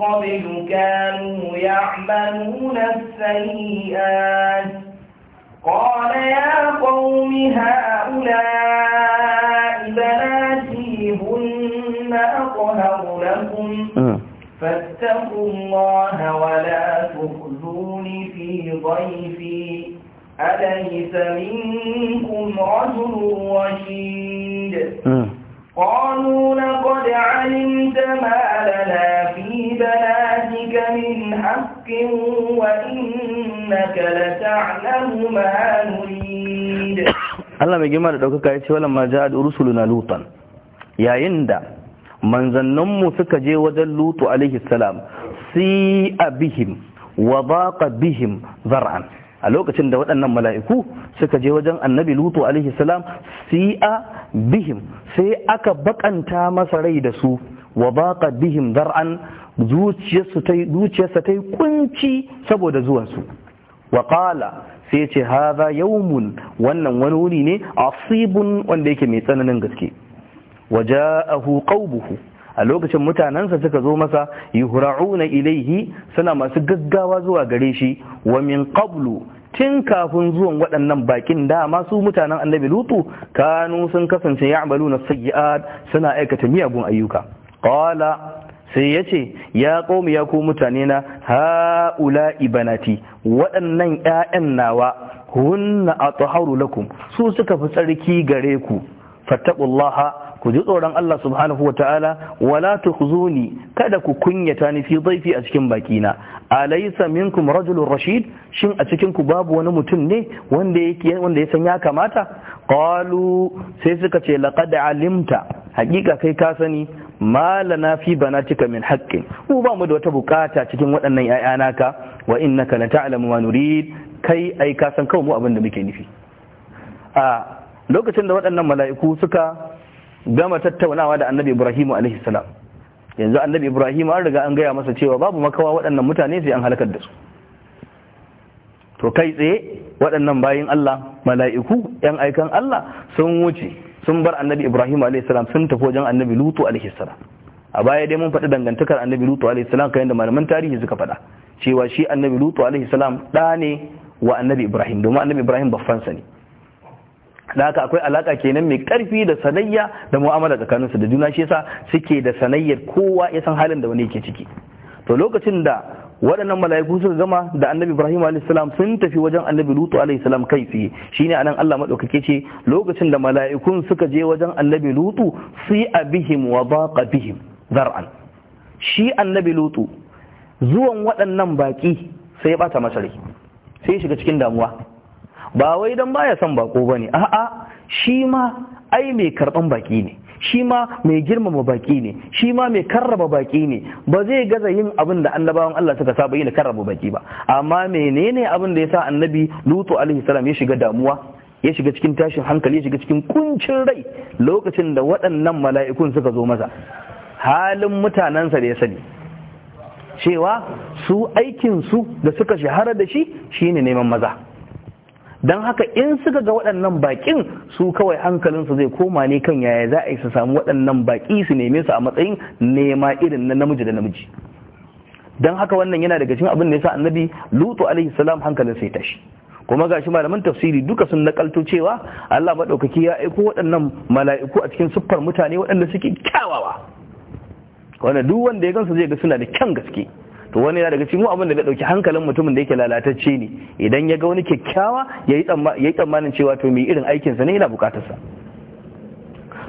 قبل كانوا يعملون السيئات قال يا قوم هؤلاء بناتي هن أطهر لكم آه. فاتقوا الله ولا تخزوني في ضيفي أليس منكم رجل رشيد آه. قالوا لقد علمت ما لنا في بناتك من حق وإنك لتعلم ما نريد Allah mai girma da ɗaukaka ya ce walan ma ja'ad rusuluna lutan yayin da manzanninmu suka je wajen lutu alaihi salam si abihim wa baqa bihim zar'an a lokacin da waɗannan mala'iku suka je wajen annabi lutu alaihi salam si'a bihim sai aka bakanta masa rai da su wa baqa bihim zar'an zuciyarsa ta yi kunci saboda zuwansu waƙala sai ce haza yaumun wannan wani wuni ne a asibun wanda yake mai tsananin gaske waja'ahu qaubuhu a lokacin mutanensa suka zo masa yuhra'una ilaihi suna masu gaggawa zuwa gare shi wa min qablu tun kafin zuwan waɗannan bakin da masu mutanen annabi lutu kanu sun kasance ya'maluna sayyi'at suna aikata miyagun ayyuka Ƙala. sai ya ce ya ƙomi ya ku mutane na ha'ula ibanati waɗannan ‘ya'yan nawa hunna a tsaharu lakum su suka fi tsarki gare ku fattakullaha ku ji tsoron Allah subhanahu wa ta'ala wala tukhzuni kada ku kunyata ni fi zaifi a cikin bakina alaysa minkum rajulun rashid shin a cikin ku babu wani mutum ne wanda yake wanda ya san ya kamata qalu sai suka ce laqad alimta hakika kai ka sani na fi banatika min haqqin mu ba mu da wata bukata cikin waɗannan ƴaƴa naka wa innaka la ta'lamu ma nurid kai ai ka san kawai mu abin da muke nufi a lokacin da waɗannan mala'iku suka gama tattaunawa da annabi Ibrahimu alaihi salam yanzu annabi Ibrahimu an riga an gaya masa cewa babu makawa waɗannan mutane sai an halakar da su to kai tsaye waɗannan bayin Allah mala'iku ‘yan aikan Allah sun wuce sun bar annabi ibrahim alaihi sun tafi wajen annabi lutu alaihi a baya dai mun faɗi dangantakar annabi lutu alaihi salam kayan malaman tarihi suka faɗa cewa shi annabi lutu alaihi ɗa ne wa annabi ibrahim domin annabi ibrahim baffansa ne da haka akwai alaka kenan mai karfi da sanayya da mu'amala tsakaninsu da juna shi yasa suke da sanayyar kowa ya san halin da wani yake ciki to lokacin da waɗannan mala'iku suka gama da annabi ibrahim alaihissalam sun tafi wajen annabi lutu alaihissalam kai tsaye shine anan allah maɗaukake ce lokacin da mala'ikun suka je wajen annabi lutu si abihim wa baqa bihim zar'an shi annabi lutu zuwan waɗannan baƙi sai ya ɓata masa rai sai ya shiga cikin damuwa ba wai don baya son bako bane a'a shi ma ai mai karɓan baƙi ne shi ma mai girmama baƙi ne shi ma mai karraba baƙi ne ba zai gaza yin abin da annabawan Allah suka saba yi da karraba baki ba amma menene abin da ya sa annabi Lutu alaihi salam ya shiga damuwa ya shiga cikin tashin hankali ya shiga cikin kuncin rai lokacin da waɗannan mala'ikun suka zo masa halin mutanensa da ya sani cewa su aikin su da suka shahara da shi shine neman maza don haka in suka ga waɗannan baƙin su kawai hankalinsu zai koma ne kan yaya za a yi su samu waɗannan baƙi su neme su a matsayin nema irin na namiji da namiji don haka wannan yana daga cikin abin da sa annabi lutu alaihi salam hankalin sai tashi kuma gashi malaman tafsiri duka sun nakalto cewa Allah madaukaki ya aiko waɗannan mala'iku a cikin siffar mutane waɗanda suke kyawawa wanda duk wanda ya gansu zai ga suna da kyan gaske to wani yana daga cikin abin da ya dauki hankalin mutumin da yake lalatacce ne idan ya ga wani kyakkyawa yayi tsammanin cewa to mai irin aikin sa ne yana bukatar sa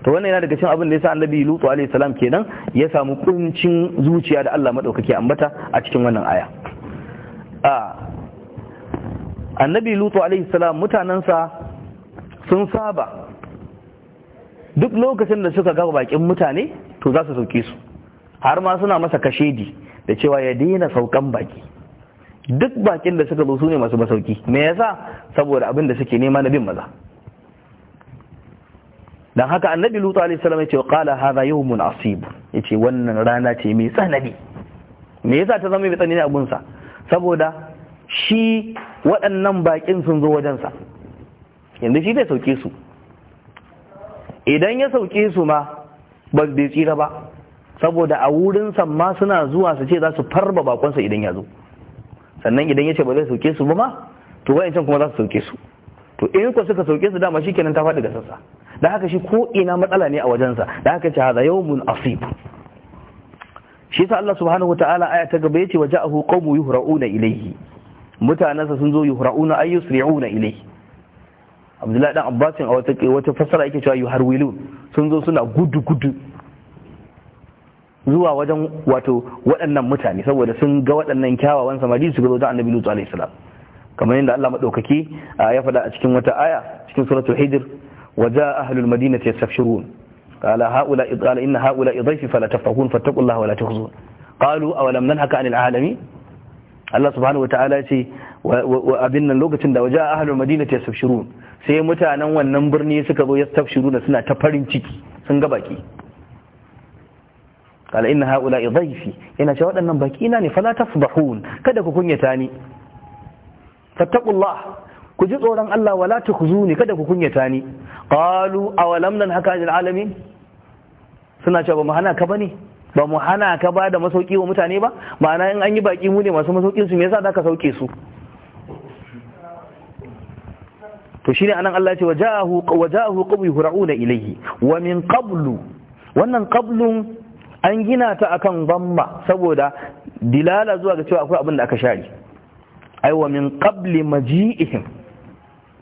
to wannan yana daga cikin abin da yasa annabi lutu alaihi salam kenan ya samu kuncin zuciya da Allah madaukake ambata a cikin wannan aya a annabi lutu alaihi salam mutanansa sun saba duk lokacin da suka ga bakin mutane to za su sauke su har ma suna masa kashedi da cewa ya daina saukan baki duk bakin da suka zo su ne masu masauki me yasa saboda abin da suke nema na bin maza dan haka annabi lutu alaihi salam ce qala hadha yawmun asib yace wannan rana ce mai tsanani me yasa ta zama mai tsanani abun sa saboda shi waɗannan bakin sun zo wajen sa. yanzu shi zai sauke su idan ya sauke su ma ba bai tsira ba saboda a wurin ma suna zuwa su ce za su farba bakonsa idan ya zo sannan idan ya ce ba zai sauke su ba ma to can kuma za su sauke su to in ku suka sauke su dama shi kenan ta faɗi ga sassa da haka shi ko ina matsala ne a wajensa da haka ce hada yawmun asib shi sa Allah subhanahu ta'ala, aya ta gaba yace waja'ahu qawmu yuhra'una ilayhi mutanansa sun zo yuhra'una ay yusri'una ilayhi Abdullahi dan Abbasin a wata wata fasara yake cewa yuharwilun sun zo suna gudu gudu zuwa wajen wato waɗannan mutane saboda sun ga waɗannan kyawawan samari su ga wajen annabi lutsu alaihi salam kamar yadda Allah madaukaki ya faɗa a cikin wata aya cikin suratul hijr wa jaa ahlul madinati yastafshirun qala haula qala inna haula idhayfi fala tafahun fattaqullaha wala tahzun qalu awalam nanhaka anil alamin Allah subhanahu wataala ya ce wa abin nan lokacin da waja ahlul madinati yastafshirun sai mutanen wannan birni suka zo yastafshiruna suna ta farin ciki sun ga baki qala inna haula'i dhayfi ina cewa waɗannan baki na ne fala tafdahun kada ku kunyata ni fattaqullah ku ji tsoron Allah wala tukhzuni kada ku kunyata ni qalu awalam nan haka lil alamin suna cewa ba mu hana ka bane ba mu hana ka ba da masauki wa mutane ba ma'ana in an yi baki mu ne masu masaukin su me yasa zaka sauke su to shine anan Allah ya ce wajahu wajahu qawmi hura'una ilayhi wa min qablu wannan qablun an gina ta akan gamma saboda dilala zuwa ga cewa akwai abin da aka share ai wa min qabli maji'ihim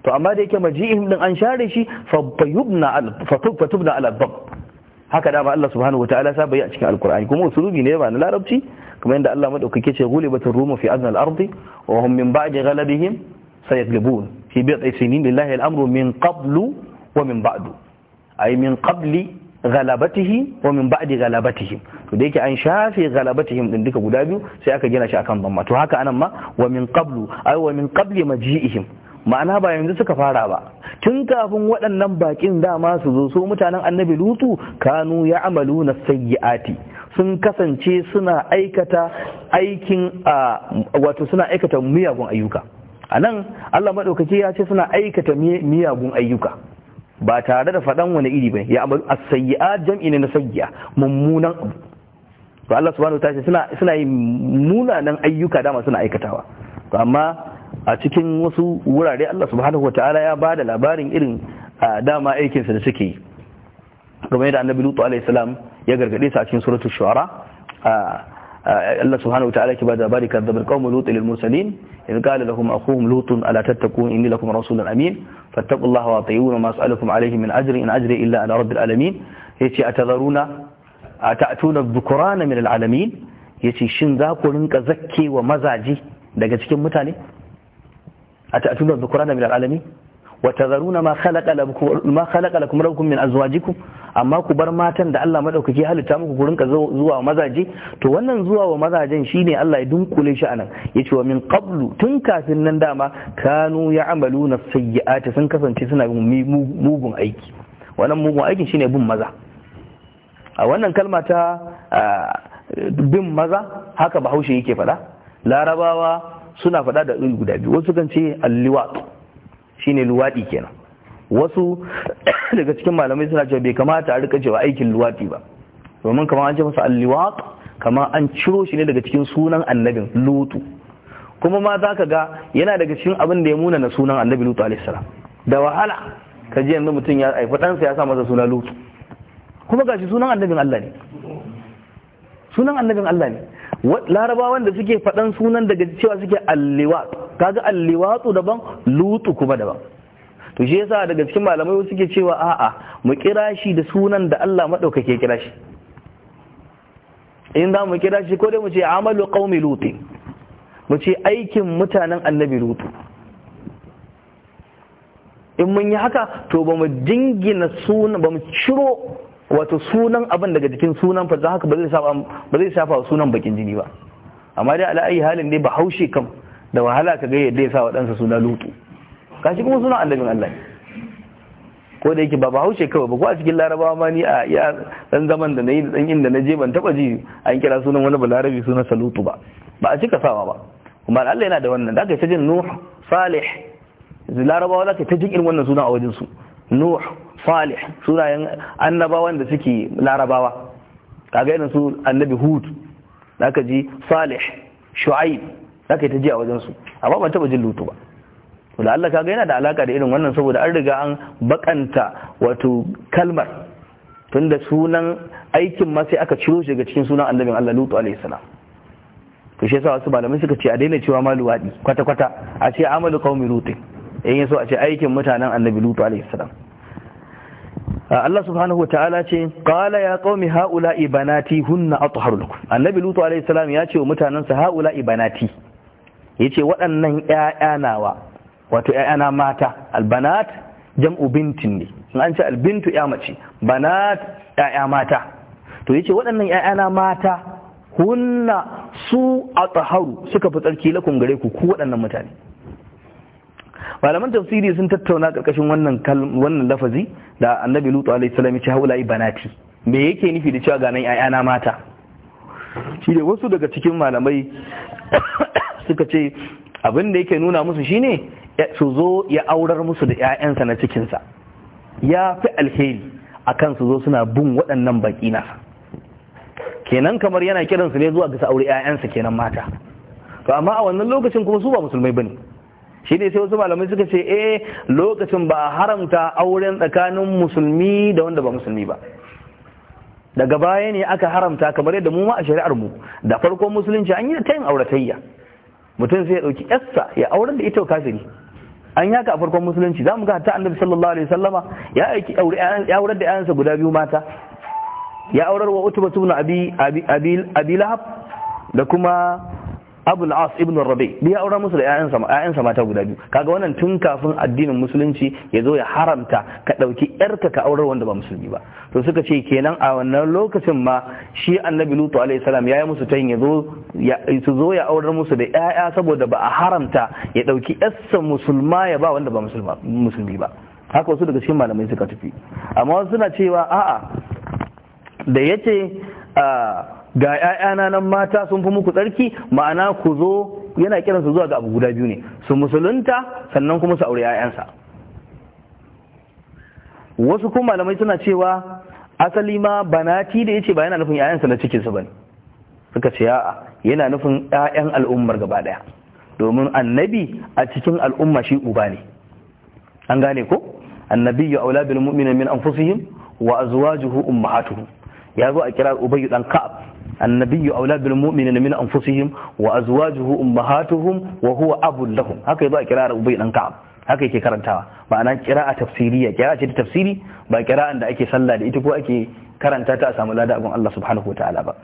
to amma da yake maji'ihim din an share shi fa bayubna al fatubna al dhab haka dama Allah subhanahu wataala sa bai a cikin alqur'ani kuma usulubi ne ba na larabci kuma yanda Allah madaukake ce ghulibatir rumu fi adnal ardi wa hum min ba'di ghalabihim sayaglibun fi bid'i sinin lillahi al-amru min qablu wa min ba'du ay min qabli galabatihim wa min ba'di galabatihim to da yake an shafe galabatihim din duka guda biyu sai aka gina shi akan bamma, to haka anan ma wa min qablu ay wa min qabli maji'ihim ma'ana ba yanzu suka fara ba tun kafin waɗannan bakin dama su zo su mutanen annabi lutu kanu ya sayyi'ati sun kasance suna aikata aikin wato suna aikata miyagun ayyuka a allah maɗaukaki ya ce suna aikata miyagun ayyuka ba tare da faɗan wani iri ba ya amalu a jam'i ne na sayyi'a mummunan abu to Allah subhanahu ta'ala suna suna yin munanan ayyuka dama suna aikatawa to amma a cikin wasu wurare Allah subhanahu Ta'ala ya bada labarin irin dama aikinsa da suke yi kamar yadda annabi lutu alaihi salam ya gargade su a cikin suratul shu'ara Allah subhanahu wa ta'ala ke ba da labari kan zabal qaumul lut lil mursalin in qala lahum akhuhum lut ala tattaqun inni lakum rasulun amin fattaqullaha wa atiyun ma as'alukum alayhi min ajrin in ajri illa ala rabbil alamin yace atadharuna atatuna dhukrana min al alamin yace shin za ku rinka zakke wa mazaji daga cikin mutane atatuna dhukrana min al alamin Wata tazaruna ma khalaqa lakum ma rabbukum min azwajikum amma ku bar matan da Allah madaukaki halitta muku ku rinka zuwa wa mazaje to wannan zuwa wa mazajen shine Allah ya dunkule shi anan yace wa min qablu tun kafin nan dama kanu ya'maluna sayyi'ati sun kasance suna mugun aiki wannan mugun aikin shine bin maza a wannan kalma ta bin maza haka bahaushe yake faɗa larabawa suna faɗa da iri guda biyu wasu kan ce alliwat shine luwadi kenan wasu <coughs> daga cikin malamai suna cewa bai kamata a rika cewa aikin luwadi ba domin kamar an ce masa alliwat kamar an ciro shi ne daga cikin sunan annabin lutu kuma ma za ka ga yana daga cikin abin da ya muna na sunan annabi lutu alaihi da wahala ka ji yanzu mutum ya aifi ɗansa ya sa masa suna lutu kuma gashi sunan annabin Allah ne sunan annabin Allah ne larabawan da suke faɗan sunan daga cewa suke alliwat kaga alliwatu daban lutu kuma daban to shi yasa daga cikin malamai suke cewa a'a mu kira shi da sunan da Allah madaukake kira shi in za mu kira shi ko dai mu ce amalu qaumi lutin mu ce aikin mutanen annabi lutu in mun yi haka to ba mu jingina sunan ba mu ciro wato sunan abin daga jikin sunan fa haka ba zai shafa ba zai shafa sunan bakin jini ba amma dai ala ayi halin dai ba haushe kam da wahala ka ga yadda ya sa wa ɗansa suna lutu kashi kuma suna annabin Allah ko da yake ba ba haushe kawai ba ko a cikin larabawa ma ni a ya dan zaman da nayi dan inda na je ban taba ji an kira sunan wani balarabi sunan salutu ba ba a cika sawa ba kuma Allah yana da wannan zaka ta jin nuh salih larabawa zaka ta jin irin wannan suna a wajen su nuh salih sunayen annabawan da suke larabawa kaga irin su annabi hud zaka ji salih shu'aib zaka yi ta ji a wajen su amma ban taba jin lutu ba to Allah kaga yana da alaka da irin wannan saboda an riga an bakanta wato kalmar tunda sunan aikin ma sai aka ciro shi daga cikin sunan annabin Allah lutu alaihi salam to shi yasa wasu malamai suka ce a daina cewa ma wadi kwata kwata a ce amalu qaumi Lutu, in yaso a ce aikin mutanen annabi lutu alaihi salam Allah subhanahu wataala ce qala ya qaumi haula ibanati hunna atharu lakum annabi lutu alaihi salam ya ce wa mutanansa haula ibanati yace waɗannan ƴaƴa nawa wato ƴaƴana mata albanat jam'u bintin ne in an ce albintu ƴa mace banat ƴaƴa mata to yace waɗannan ƴaƴana mata hunna su atharu suka fi tsarki lakum gare ku ku waɗannan mutane malaman tafsiri sun tattauna karkashin wannan wannan lafazi da annabi lutu alaihi salam ya ce haulai banati me yake nufi da cewa ga nan ƴaƴana mata shi da wasu daga cikin malamai <coughs> suka ce abin da yake nuna musu shine su zo ya aurar musu da ƴaƴansa na cikin sa ya fi alheri akan su zo suna bin waɗannan baƙi na kenan kamar yana kiransu ne zuwa ga su aure ƴaƴansa kenan mata to amma a wannan lokacin kuma su ba musulmai bane shi ne sai wasu malamai suka ce eh lokacin ba haramta auren tsakanin musulmi da wanda ba musulmi ba daga baya ne aka haramta kamar yadda mu ma a shari'ar mu da farko musulunci an yi ta yin auratayya mutum sai ya dauki yassa ya auren da ita kafiri an yi haka a farkon musulunci za mu ga hatta annabi sallallahu alaihi wasallama ya aiki aure ya aurar da yayansa guda biyu mata ya aurar wa utbatu ibn abi abi abi lahab da kuma abul as ibn rabi biya aura musu da ƴaƴansa mata guda biyu kaga wannan tun kafin addinin musulunci ya zo ya haramta ka ɗauki ƴarka ka aurar wanda ba musulmi ba to suka ce kenan a wannan lokacin ma shi annabi lutu alaihi salam ya musu tayin ya su zo ya aurar musu da ƴaƴa saboda ba a haramta ya ɗauki ƴarsa musulma ya ba wanda ba musulmi ba haka wasu daga cikin malamai suka tafi amma wasu suna cewa a'a da yace ah, ga ‘ya'yana nan mata sun fi muku tsarki ma'ana ku zo yana kiransu zuwa ga abu guda biyu ne su musulunta sannan kuma su aure ‘ya'yansa wasu kuma malamai suna cewa asali ma banati da ya ba yana nufin ‘ya'yansa na cikinsu ba ne suka ce a'a yana nufin ‘ya'yan al'ummar gaba ɗaya domin annabi a cikin al'umma shi uba ne an gane ko annabi ya aula bil mu'mina min anfusihim wa azwajuhu ummahatuhum ya zo a kira ubayyu dan ka'ab annabi auladul mu'minin min anfusihim wa azwajuhu ummahatuhum wa huwa abul lahum haka yazo a kirar ubay dan ka'ab haka yake karantawa ma'ana kira'a tafsiriya kira'a ce ta tafsiri ba kira'an da ake sallah da ita ko ake karanta ta a samu lada a gun Allah subhanahu wataala ba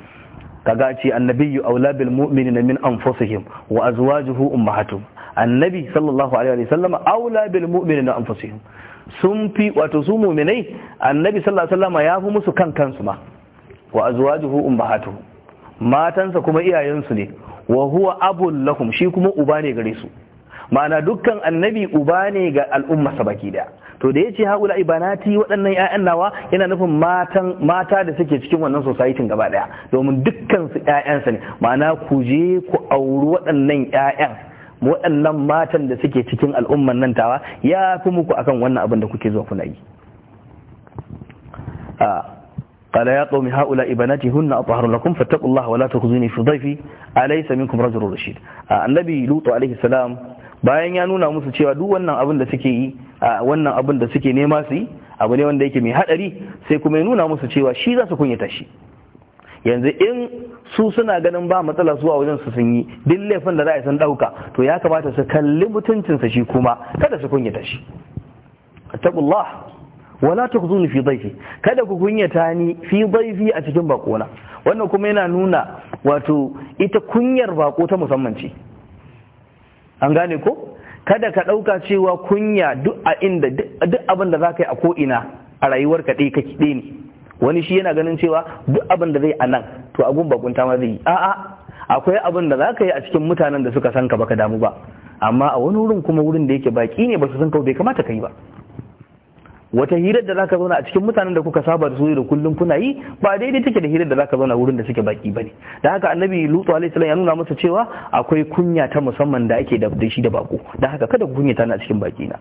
kaga ce annabiyyu aula bil mu'minina min anfusihim annabi sallallahu alaihi wa sallam sun fi wato su mu'minai annabi sallallahu alaihi wa ya fi musu kan kansu ma wa azwajuhu ummahatuhu matansa kuma iyayensu ne wa huwa abul lahum shi kuma uba ne gare su ma'ana dukkan annabi uba ne ga al'umma sabaki da to da yace haula ibanati waɗannan 'ya'yan nawa yana nufin matan mata da suke cikin wannan society gaba daya domin dukkan su ƴaƴansa ne ma'ana ku je ku auri waɗannan 'ya'yan waɗannan matan da suke cikin al'umman nan tawa ya fi muku akan wannan abin da kuke zuwa kuna yi ah, قال يا قوم هؤلاء بناتي هن أطهر لكم فاتقوا الله ولا تخزوني في ضيفي أليس منكم رجل رشيد النبي لوط عليه السلام bayan ya nuna musu cewa duk wannan abin da suke yi wannan abin da suke nema su yi abu ne wanda yake mai hadari sai kuma ya nuna musu cewa shi za su kunyata shi yanzu in su suna ganin ba matsala su wajen su sun yi duk laifin da za a san dauka to ya kamata su kalli mutuncinsa shi kuma kada su kunyata shi attaqullah wala zuni fi dhayfi kada ku kunyata ni fi dhayfi a cikin bakona wannan kuma yana nuna wato ita kunyar bako ta musamman ce an gane ko kada ka ɗauka cewa kunya duk a inda duk abin da zaka yi a ko ina a rayuwar ka ɗaya kake ɗaya ne wani shi yana ganin cewa duk abin da zai a nan to abun bakunta ma zai yi a'a akwai abin da zaka yi a cikin mutanen da suka san ka baka damu ba amma a wani wurin kuma wurin da yake baki ne ba su san ka bai kamata ka yi ba wata hirar da zaka zauna a cikin mutanen da kuka saba da su da kullum kuna yi ba daidai take da hirar da zaka zauna wurin da suke baki bane da haka annabi lutu alaihi salam ya nuna masa cewa akwai kunya ta musamman da ake da shi da bako da haka kada ku ta na cikin baki na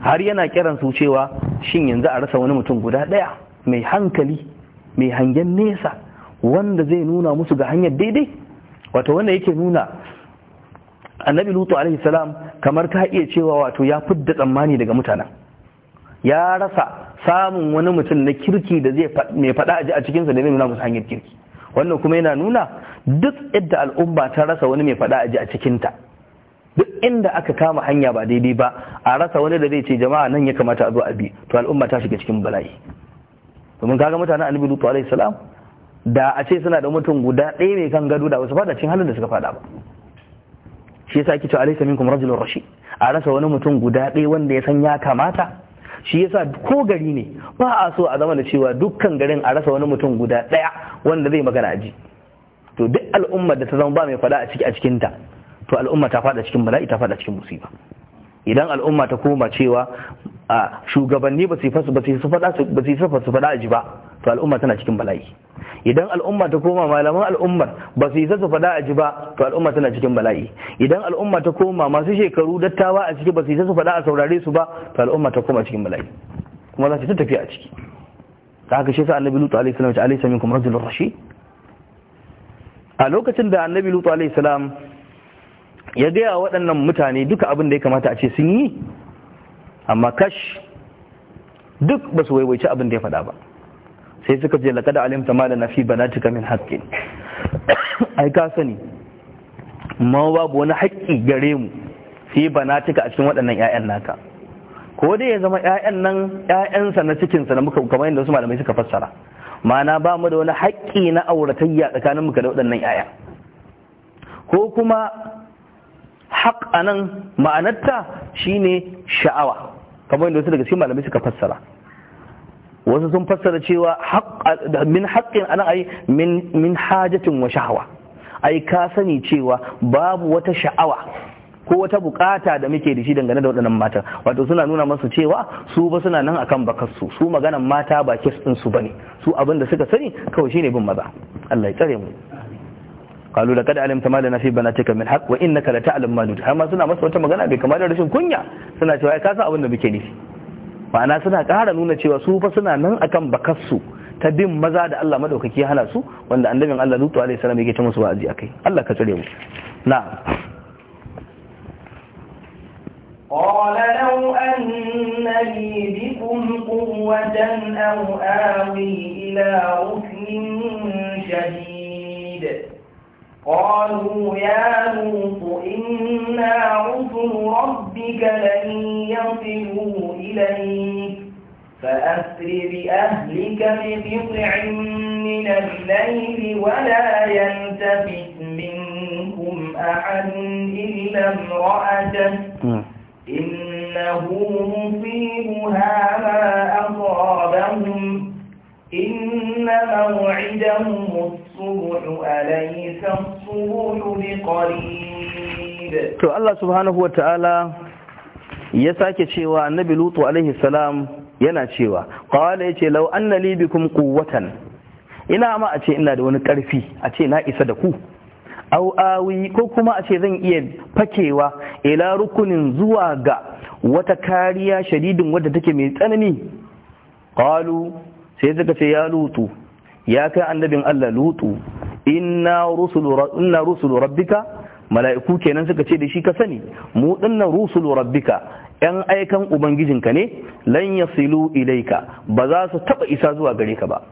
har yana kiran su cewa shin yanzu a rasa wani mutum guda daya mai hankali mai hangen nesa wanda zai nuna musu ga hanyar daidai wato wanda yake nuna annabi lutu alaihi salam kamar ta iya cewa wato ya fidda tsammani daga mutanen ya rasa samun wani mutum na kirki da zai mai faɗa aji a cikinsa da zai nuna musu hanyar kirki wannan kuma yana nuna duk yadda al'umma ta rasa wani mai faɗa aji a cikinta duk inda aka kama hanya ba daidai ba a rasa wani da zai ce jama'a nan ya kamata a zo a bi to al'umma ta shiga cikin bala'i domin kaga mutanen annabi lutu alaihi salam da a ce suna da mutum guda ɗaya mai kan gado da wasu fada cikin halin da suka fada ba shi yasa ake cewa alaysa minkum rajulun rashid a rasa wani mutum guda ɗaya wanda ya san ya kamata shi yasa ko gari ne ba a so a zama da cewa dukkan garin a rasa wani mutum guda ɗaya wanda zai magana ji. to duk al'ummar da ta zama ba mai fada a ciki a cikinta to al'umma ta fada cikin bala'i ta fada cikin musiba idan al'umma ta koma cewa shugabanni ba su fada su fada a ji ba to al'umma tana cikin bala'i idan al'umma ta koma malaman al'ummar ba su yi su fada a ji ba to al'umma tana cikin bala'i idan al'umma ta koma masu shekaru dattawa a ciki ba su yi su faɗa a saurare su ba to al'umma ta koma cikin bala'i kuma za ta tafiya a ciki ta haka shi sa annabi lutu alaihi salam ta alaihi salam kuma rajulur rashid a lokacin da annabi lutu alaihi salam ya gaya waɗannan mutane duka abin da ya kamata a ce sun yi amma kash duk ba su waiwaici abin da ya faɗa ba sai suka ce da alimta ma na fi cika min haƙƙi. ai ka sani ma babu wani haƙƙi gare mu fi cika a cikin waɗannan 'ya'yan naka ko dai ya zama 'ya'yan nan 'ya'yansa na cikinsa na muka kamar yadda wasu malamai suka fassara ma'ana ba mu da wani haƙƙi na auratayya tsakanin muka da waɗannan 'ya'yan? ko kuma haƙ a nan ma'anarta shine sha'awa kamar yadda wasu daga cikin malamai suka fassara wasu sun fassara cewa min haƙƙin ana ai min hajatin wa sha'awa ai ka sani cewa babu wata sha'awa ko wata bukata da muke da shi dangane da waɗannan matan wato suna nuna masu cewa su ba suna nan akan bakarsu su maganan mata ba kes ɗin su bane su abin da suka sani kawai shine bin maza Allah ya tsare mu قالوا لقد علمت ما لنا في بناتك من حق وانك لتعلم ما نريد amma suna masa wata magana bai kamar da rashin kunya suna cewa ai ka san abin da muke nufi ma'ana suna ƙara nuna cewa su fa suna nan akan bakarsu ta bin maza da Allah madaukaki hana su wanda annabin Allah lutu alaihi salam yake ta musu wa'azi akai Allah ka tsare mu na'am قال لو أن لي بكم قوة أو آوي إلى قالوا يا نوح إنا عذر ربك لن يصلوا إليك فأسر بأهلك بقطع من الليل ولا يلتفت منكم أحد إلا امرأته نعم. إنه مصيبها ما أصابهم إن موعدهم الصبح أليس الصبح بقريب to Allah سبحانه وتعالى ya sake cewa annabi lutu alaihi yana cewa qala yace law anna li bikum quwwatan ina ma a ce ina da wani karfi a ce na isa da ku au awi ko kuma a ce zan iya fakewa ila rukunin zuwa ga wata kariya shadidin wadda take mai tsanani qalu sai suka ce ya lutu ya kai annabin Allah lutu inna rusulu rabbika mala'iku kenan suka ce da shi ka sani mu dinnan rusulu rabbika yan aikan ubangijinka ne lan yasilu ilaika ba za su taba isa zuwa gare ka ba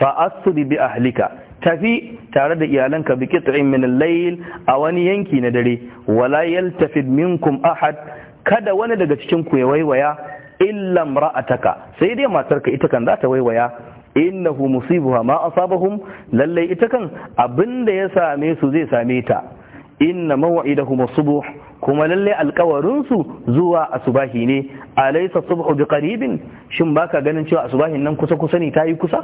fa asri bi ahlika tafi tare da iyalanka bi qit'in min al-layl a wani yanki na dare wala yaltafid minkum ahad kada wani daga cikin ku ya waiwaya illa ra'ataka sai dai matarka ita kan za ta waiwaya innahu musibuha ma asabahum lalle ita kan abinda ya same su zai same ta inna maw'idahum subuh kuma lalle alƙawarin su zuwa asubahi ne alaysa subhu biqaribin shin baka ganin cewa asubahin nan kusa kusa ne tayi kusa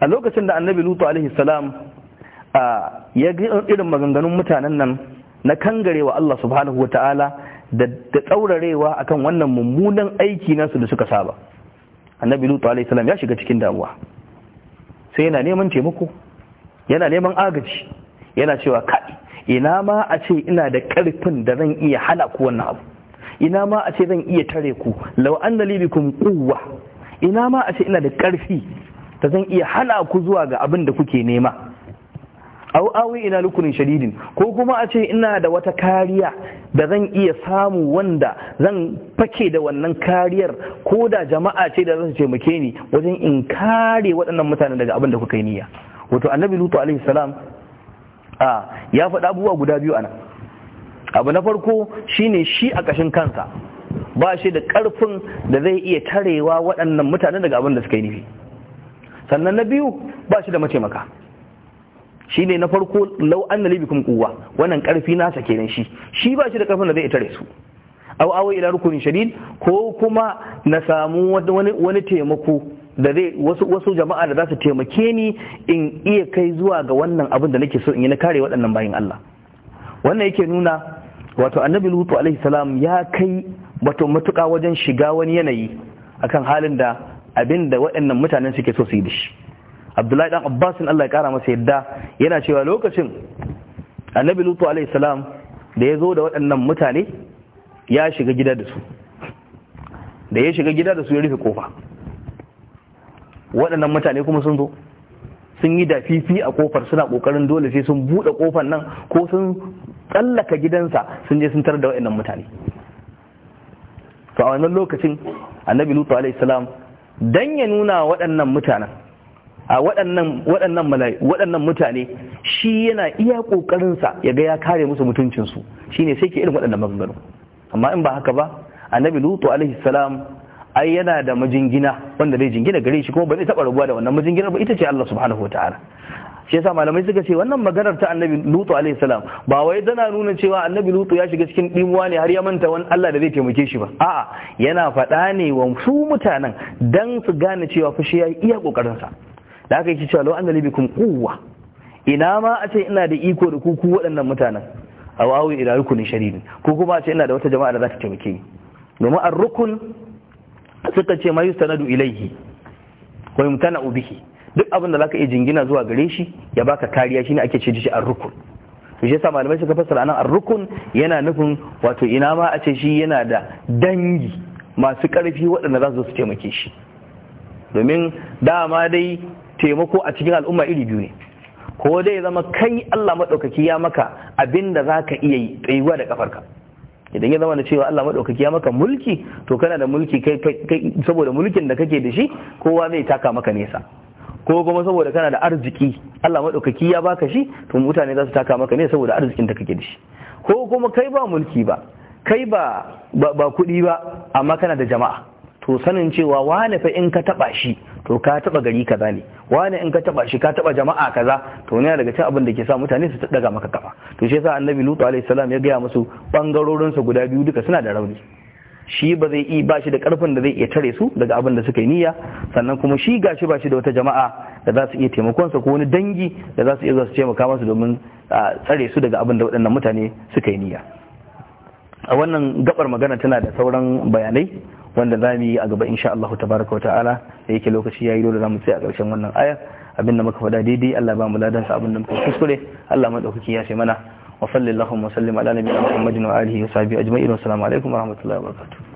a lokacin da annabi lutu alaihi salam ya ga irin maganganun mutanen nan na kangarewa Allah subhanahu wa ta'ala da tsaurarewa akan wannan mummunan aiki nasu da suka saba annabi lutu alaihi salam ya shiga cikin damuwa sai yana neman taimako yana neman agaji yana cewa kai ina ma a ce ina da karfin da zan iya hana ku wannan abu ina ma a ce zan iya tare ku law anna li bikum ina ma a ce ina da karfi da zan iya hana ku zuwa ga abin da kuke nema au awi ina lukunin shadidin ko kuma a ce ina da wata kariya da zan iya samu wanda zan fake da wannan kariyar ko da jama'a ce da zan taimake ni wajen in kare waɗannan mutanen daga abin da kuka yi niyya wato annabi lutu alaihi salam a ya faɗa abubuwa guda biyu anan abu na farko shine shi a ƙashin kansa ba shi da ƙarfin da zai iya tarewa waɗannan mutanen daga abin da suka yi nufi sannan na biyu ba shi da mataimaka Shi ne na farko lau an nalibi kuma kuwa wannan karfi nasa kenan shi shi ba shi da karfin da zai tare su aw aw ila rukunin shadid ko kuma na samu wani taimako da zai wasu jama'a da za su taimake ni in iya kai zuwa ga wannan abin da nake so in yi na kare waɗannan bayin Allah wannan yake nuna wato annabi lutu alaihi salam ya kai wato matuƙa wajen shiga wani yanayi akan halin da abin da waɗannan mutanen suke so su yi da shi abdullahi dan abbasin Allah ya kara masa yadda yana cewa lokacin annabi lutu alaihi da ya zo da waɗannan mutane ya shiga gida da su da ya shiga gida da su ya rufe kofa waɗannan mutane kuma sun zo sun yi dafifi a kofar suna ƙoƙarin dole sai sun buɗe kofar nan ko sun tsallaka gidansa sun je sun tar da waɗannan mutane to a wannan lokacin annabi lutu alaihi salam dan ya nuna waɗannan mutanen a waɗannan waɗannan waɗannan mutane shi yana iya ƙoƙarinsa ya ga ya kare musu mutuncinsu shine sai ke irin waɗannan maganganu amma in ba haka ba annabi lutu alaihi salam ai yana da majingina wanda zai jingina gare shi kuma ba zai taɓa rabuwa da wannan majingina ba ita ce Allah subhanahu wataala shi yasa malamai suka ce wannan maganar ta annabi lutu alaihi salam ba wai tana nuna cewa annabi lutu ya shiga cikin dimuwa ne har ya manta wani Allah da zai taimake shi ba a'a yana faɗa ne wa su mutanen dan su gane cewa fushi ya iya kokarin sa da aka yi cewa an galibi kun kowa ina ma a ce ina da iko da kuku waɗannan mutanen a wawin ila rukunin shari'i ko kuma a ce ina da wata jama'a da za ta taimake ni domin a rukun suka ce mayu sanadu ilaihi wa yumtana'u ubihi duk abin da zaka iya jingina zuwa gare shi ya baka kariya shi ne ake ce shi ar-rukun to shi yasa malamai suka fassara anan ar-rukun yana nufin wato ina ma a ce shi yana da dangi masu karfi waɗanda za su taimake shi domin dama dai taimako a cikin al'umma iri biyu ne ko dai zama kai Allah maɗaukaki ya maka abin da za ka iya yi tsayuwa da kafarka idan ya zama da cewa Allah maɗaukaki ya maka mulki to kana da mulki kai saboda mulkin da kake da shi kowa zai taka maka nesa ko kuma saboda kana da arziki Allah maɗaukaki ya baka shi to mutane za su taka maka ne saboda arzikin da kake da shi ko kuma kai ba mulki ba kai ba ba kuɗi ba amma kana da jama'a to sanin cewa wane fa in ka taɓa shi to ka taba gari kaza ne wani in ka taba shi ka taba jama'a kaza to ne daga cin abin da ke sa mutane su daga maka kafa to shi yasa annabi lutu alaihi salam ya gaya musu bangarorin sa guda biyu duka suna da rauni shi ba zai yi ba shi da karfin da zai iya tare su daga abin da suka yi niyya sannan kuma shi ga shi ba shi da wata jama'a da za su iya taimakon sa ko wani dangi da za su iya su taimaka masa domin tsare su daga abin da waɗannan mutane suka yi niyya a wannan gabar magana tana da sauran bayanai wanda za mu yi a gaba insha Allah tabaraka wata'ala da yake lokaci yayi dole za mu tsaya a ƙarshen wannan ayar abin da muka faɗa daidai Allah ba mu ladan sa abin da muka kuskure Allah madaukaki ya ce mana wa sallallahu wa sallim ala nabiyina Muhammadin wa alihi wa sahbihi ajma'in wa assalamu alaikum wa rahmatullahi wa barakatuh